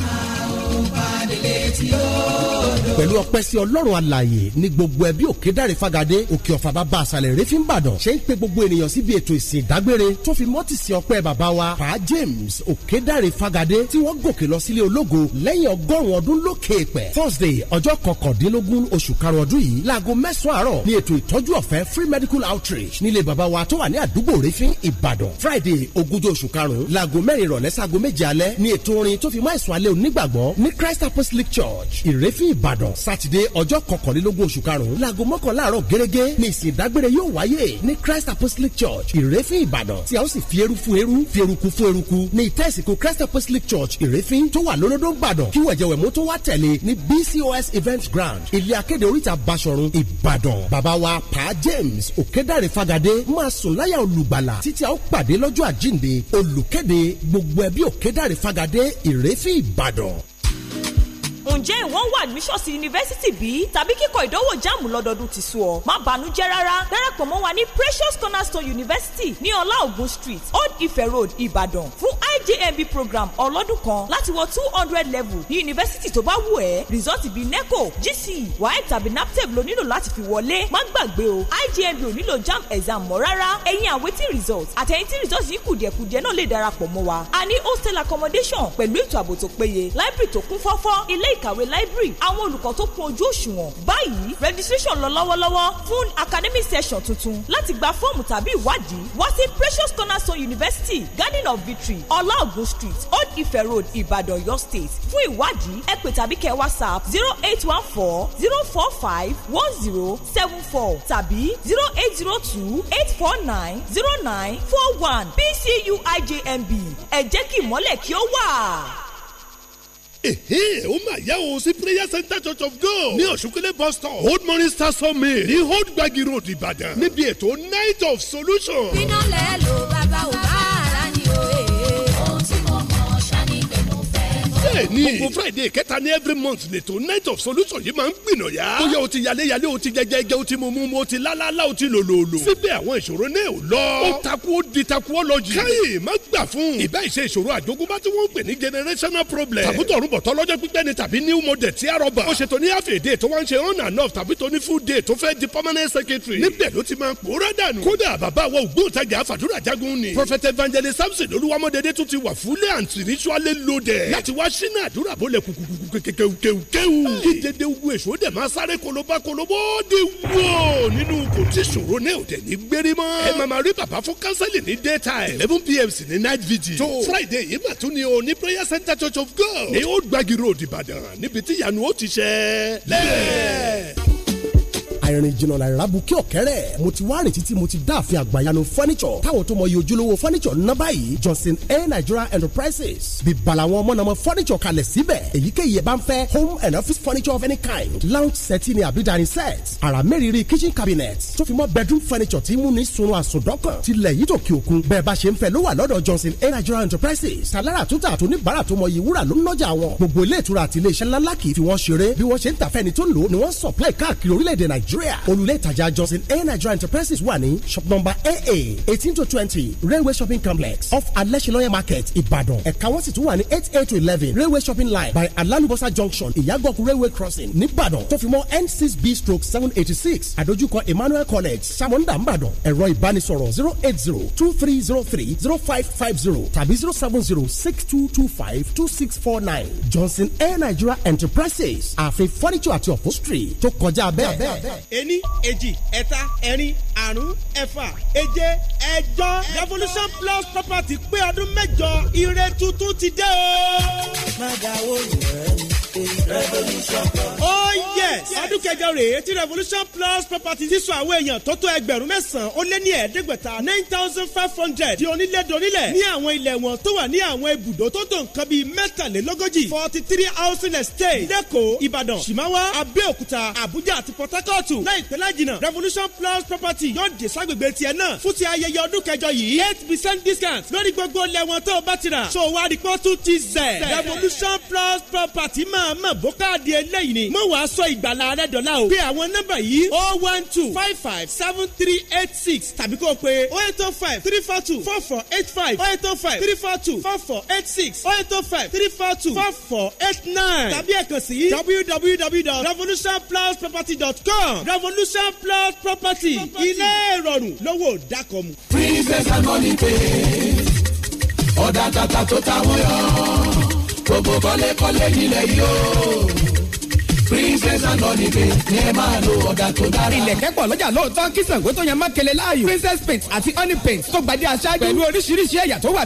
a ò bá délé tí ó pẹ̀lú ọpẹ́ sí ọlọ́run alààyè ní gbogbo ẹbí òkèdàrí fagade òkè ọ̀fà bàbá àṣàlẹ̀ rẹ́fí nìbàdàn ṣe ń pe gbogbo ènìyàn síbi ètò ìsìn ìdágbére tó fi mọ́tì sí ọpẹ́ bàbá wa pa James òkèdàrí fagade tí wọ́n gòkè lọ sílé ológo lẹ́yìn ọgọ́rùn ọdún lókè èpẹ̀ Thursday ọjọ́ kọkàndínlógún oṣù karùn-ún ọdún yìí láago mẹ́sàn-án àárọ̀ ní ètò ìtọ́jú ọ̀fẹ́ free medical outreach nílé bàbá wa tó wà ní Friday ogúnjọ́ oṣù karùn-ún láago mẹ́rin ìrọ̀lẹ́ sáago méje alẹ́ ní ètò Christ Apostolic Church ìrẹ́fín ìbàdàn ìbàdàn sátidé ọjọ́ kọkànlélógún oṣù karùn-ún láago mọ́kànlá àárọ̀ gẹ́gẹ́ ní ìsìn ìdágbére yóò wáyé ní christ apostolic church ìrẹ́fín ìbàdàn tí a ó sì fi eru fún eru fi eruku fún eruku ní ìtẹ́sìkò christ apostolic church ìrẹ́fín tó wà lólódó ìbàdàn kí wẹ̀jẹ̀wẹ̀mú tó wá tẹ̀lé ní bcos event ground ilé akéde oríta basọ̀run ìbàdàn bàbá wa pa james òkèdàrẹ́ fagadé máa sùn láyà olùgbàlà títí a ó pàdé lọ́jọ́ àjíǹde olùkéde gbogbo ẹbí òkèdàrẹ́ fagadé ìrẹ́fín ìbàdàn ǹjẹ́ ìwọ́n wà admission sí yunifásítì bí? tàbí kíkọ ìdánwò jáàmù lọ́dọọdún ti sú ọ? má bànújẹ́ rárá darapọ̀ mọ́ wa ní Precious Cornerstone University ní ọlá ògùn street Old Ife Road Ìbàdàn fún IJMB program ọlọ́dún kan láti wọ two hundred level ní yunifásítì tó bá wù ẹ́ result bíi NECO GCE WAEC tàbí NAPTEP ló nílò láti fi wọlé má gbàgbé o IJMB ò nílò JAMB exam mọ́ rárá ẹ̀yin àwetí result àtẹ̀yìn tí result yìí kùdìẹ̀kudiẹ náà lè darapọ̀ mọ́ wa a ní hostel accommodation pẹ̀lú ètò ààbò tó péye library tó kún fọ́fọ́ ilé ìkàwé library àwọn olùkọ́ tó kún ojú òṣùwọ̀n báyìí registration lọ lọ́wọ́lọ́wọ́ fún academic session tuntun láti gba fọ́ọ̀mù tàbí ìwádìí wá sí precious cornerstone university garden of victory ọláògùn street old ife road ìbàdàn ọ̀yọ́ state fún ìwádìí ẹ pè tàbí kẹ whatsapp zero eight one four zero four five one zero seven four tàbí zero eight zero two eight four nine zero nine four one pcuijmb ẹ jẹ́ kí ìmọ́lẹ̀ kí ó wà ehe ó mà yá o sí prayer center church of god ní ọ̀ṣunkẹ́lẹ́ bus stop old morning star summit ní old gbagi road ìbàdàn níbi ètò night of solution. iná lẹ́ẹ̀ lo bàbá ò bá ara ni o. Eh. ohun tí mo mọ̀ ṣáà ni pé mo fẹ́ fọ́ bẹ́ẹ̀ ni gbogbo friday kẹta ní every month lètò night of solution yìí máa ń gbìnàyà. bóyá o ti yaléyalé o ti jẹjẹjẹ o ti mumu o ti lálálá o ti lòlòlò. síbẹ̀ àwọn ìṣòro náà ò lọ. ó takú ó di takú ó lọ jù. káyè má gbà fún. ìbá ìṣe ìṣòro àjogúnbá tí wọ́n ń pè ní generational problem. tàbí tọ̀rùbọ̀ tọ́lọ́jọ́ pípẹ́ ni tàbí new model ti a rọ̀bà. ó ṣe ní half a day tó wá ń ṣe on and off tàbí tó ní full day tó fẹ́ di permanent secretary. níbẹ̀ ló ti máa ń pòórá dànù. kódà wa ògbóǹtajà fàdúrà jagun ni. prophet evangelist samson olúwamọ́dédé tún ti wà fúlẹ̀ and spiritually loaded. láti wá ṣ sínú àdúrà bó lẹ kùkùkù kéwu kéwu kéwu kí dédé wu èso dẹ̀ máa sáré kolobá kolobó di wó nínú kò tí ṣòro náà ò tẹ̀ ní gbérí mọ́. ẹ màmá rí bàbá fún kánsẹ́lì ní daytime eleven pm sí ní night vigil tó friday yìí mà tún ni o ní prayer center church of god ní ó gbàgì road ìbàdàn níbi tí ìyanu ó ti ṣẹ lẹ́ẹ̀ àìrìn jìnnà làràbùkí ọ̀kẹ́rẹ́ mo ti wá rìn títí mo ti dá àfin àgbàyanu furniture táwọn tó mọ iye ojúlówó furniture ń ná báyìí Johnson A Nigeria Enterprises bíbà làwọn ọmọnàmọ furniture kalẹ̀ síbẹ̀ èyíkéyìí ẹ̀ bá ń fẹ́ home and office furniture of any kind lounge set ni àbí dining set àrà mẹ́rìírí kitchen cabinet tó fi mọ́ bedroom furniture tí mú ní sunun àsùndọ́kàn tilẹ̀ yìí tó kí òkun bẹ́ẹ̀ bá ṣe ń fẹ́ ló wà lọ́dọ̀ Johnson A Nigeria Enterprises tàlára tó tà tó níbàárà tó mọ iye wúrà ló ń lọ́jà wọn gbogbo ilé ìtura àti ilé iṣẹ́ ńláńlá kì í fi wọ́n ṣeré bí wọ́n ṣe ń tàfẹ́ni tó ń lò ó ni wọ́n supply káàkiri orílẹ̀-èdè Nàìj Nigeria olùlé ìtajà Johnson A Nigeria Enterprises wà ní shop number AA eighteen to twenty railway shopping complex off Alẹ́sìlọ́yẹ̀ market Ìbàdàn ẹ̀ka wọ́n sì tún wà ní eight eight to eleven railway shopping line by Alalubosa junction Ìyàgànkù railway crossing nìbàdàn tó fi mọ́ N six B stroke seven eighty six àdójúkọ Emmanuel college Samonda Ìbàdàn ẹ̀rọ ìbánisọ̀rọ̀ zero eight zero two three zero three zero five five zero tàbí zero seven zero six two two five two six four nine Johnson A Nigeria Enterprises àfi furniture àti upholstery tó kọjá bẹ́ẹ̀ ení èjì ẹ̀ta ẹ̀rin àrún ẹ̀fà èje ẹ̀jọ revolution plus property pé ọdún mẹ́jọ ire tuntun ti dé o. má dáwọ́ ìrẹ́ni revolution plus. oh yes ọdún kẹjọ rèé tí revolution plus property ti sọ àwọn èèyàn tó tó ẹgbẹ̀rún mẹ́sàn-án ó lé ní ẹ̀ẹ́dẹ́gbẹ̀ta nine thousand five hundred di onílẹ̀dọ́nílẹ̀ ní àwọn ilẹ̀ wọn tó wà ní àwọn ibùdó tó tó nǹkan bíi mẹ́tàlélógójì forty three housing estate lẹ́kọ̀ọ́ ìbàdàn ṣìmáwá abẹ́òkúta àbújá àti port harcourt lóṣù láìpẹ́ lájìnà revolution plus property yóò dé ságbègbè tiẹ̀ náà fún ti ayẹyẹ ọdún kẹjọ yìí eight percent discount lórí gbogbo lẹ́wọ̀n tó bá ti rà so wá rí pọ́ tún ti zẹ̀ revolution plus property máa mọ̀ bó káàdì eléyìí ni mo wàá sọ ìgbàlá rẹ dọ̀la o pé àwọn nọ́mbà yìí oh one two five five seven three eight six tàbí kó o pe oh eight oh five three four two four four eight five oh eight oh five three four two four four eight six oh eight oh five three four two four four eight nine tàbí ẹ̀kan sí www.revolutionplusproperty.com revolution plus property ilé ìrọ̀rùn lówó dákọ̀mu. princess harmony pé ọ̀dà tata tó táwọn yọ gbogbo kọ́lékọ́lé nílẹ̀ yìí princess and honey bay ní ẹ máa lo ọ̀dà tó dára. ilẹ̀kẹ̀ pọ̀ lọ́jà lóòótọ́ kí Ṣàngó tó yan mákèlè láàyò princess paint àti honey paint tó gbadé aṣáájú pẹ̀lú oríṣiríṣi ẹ̀yà tó wà.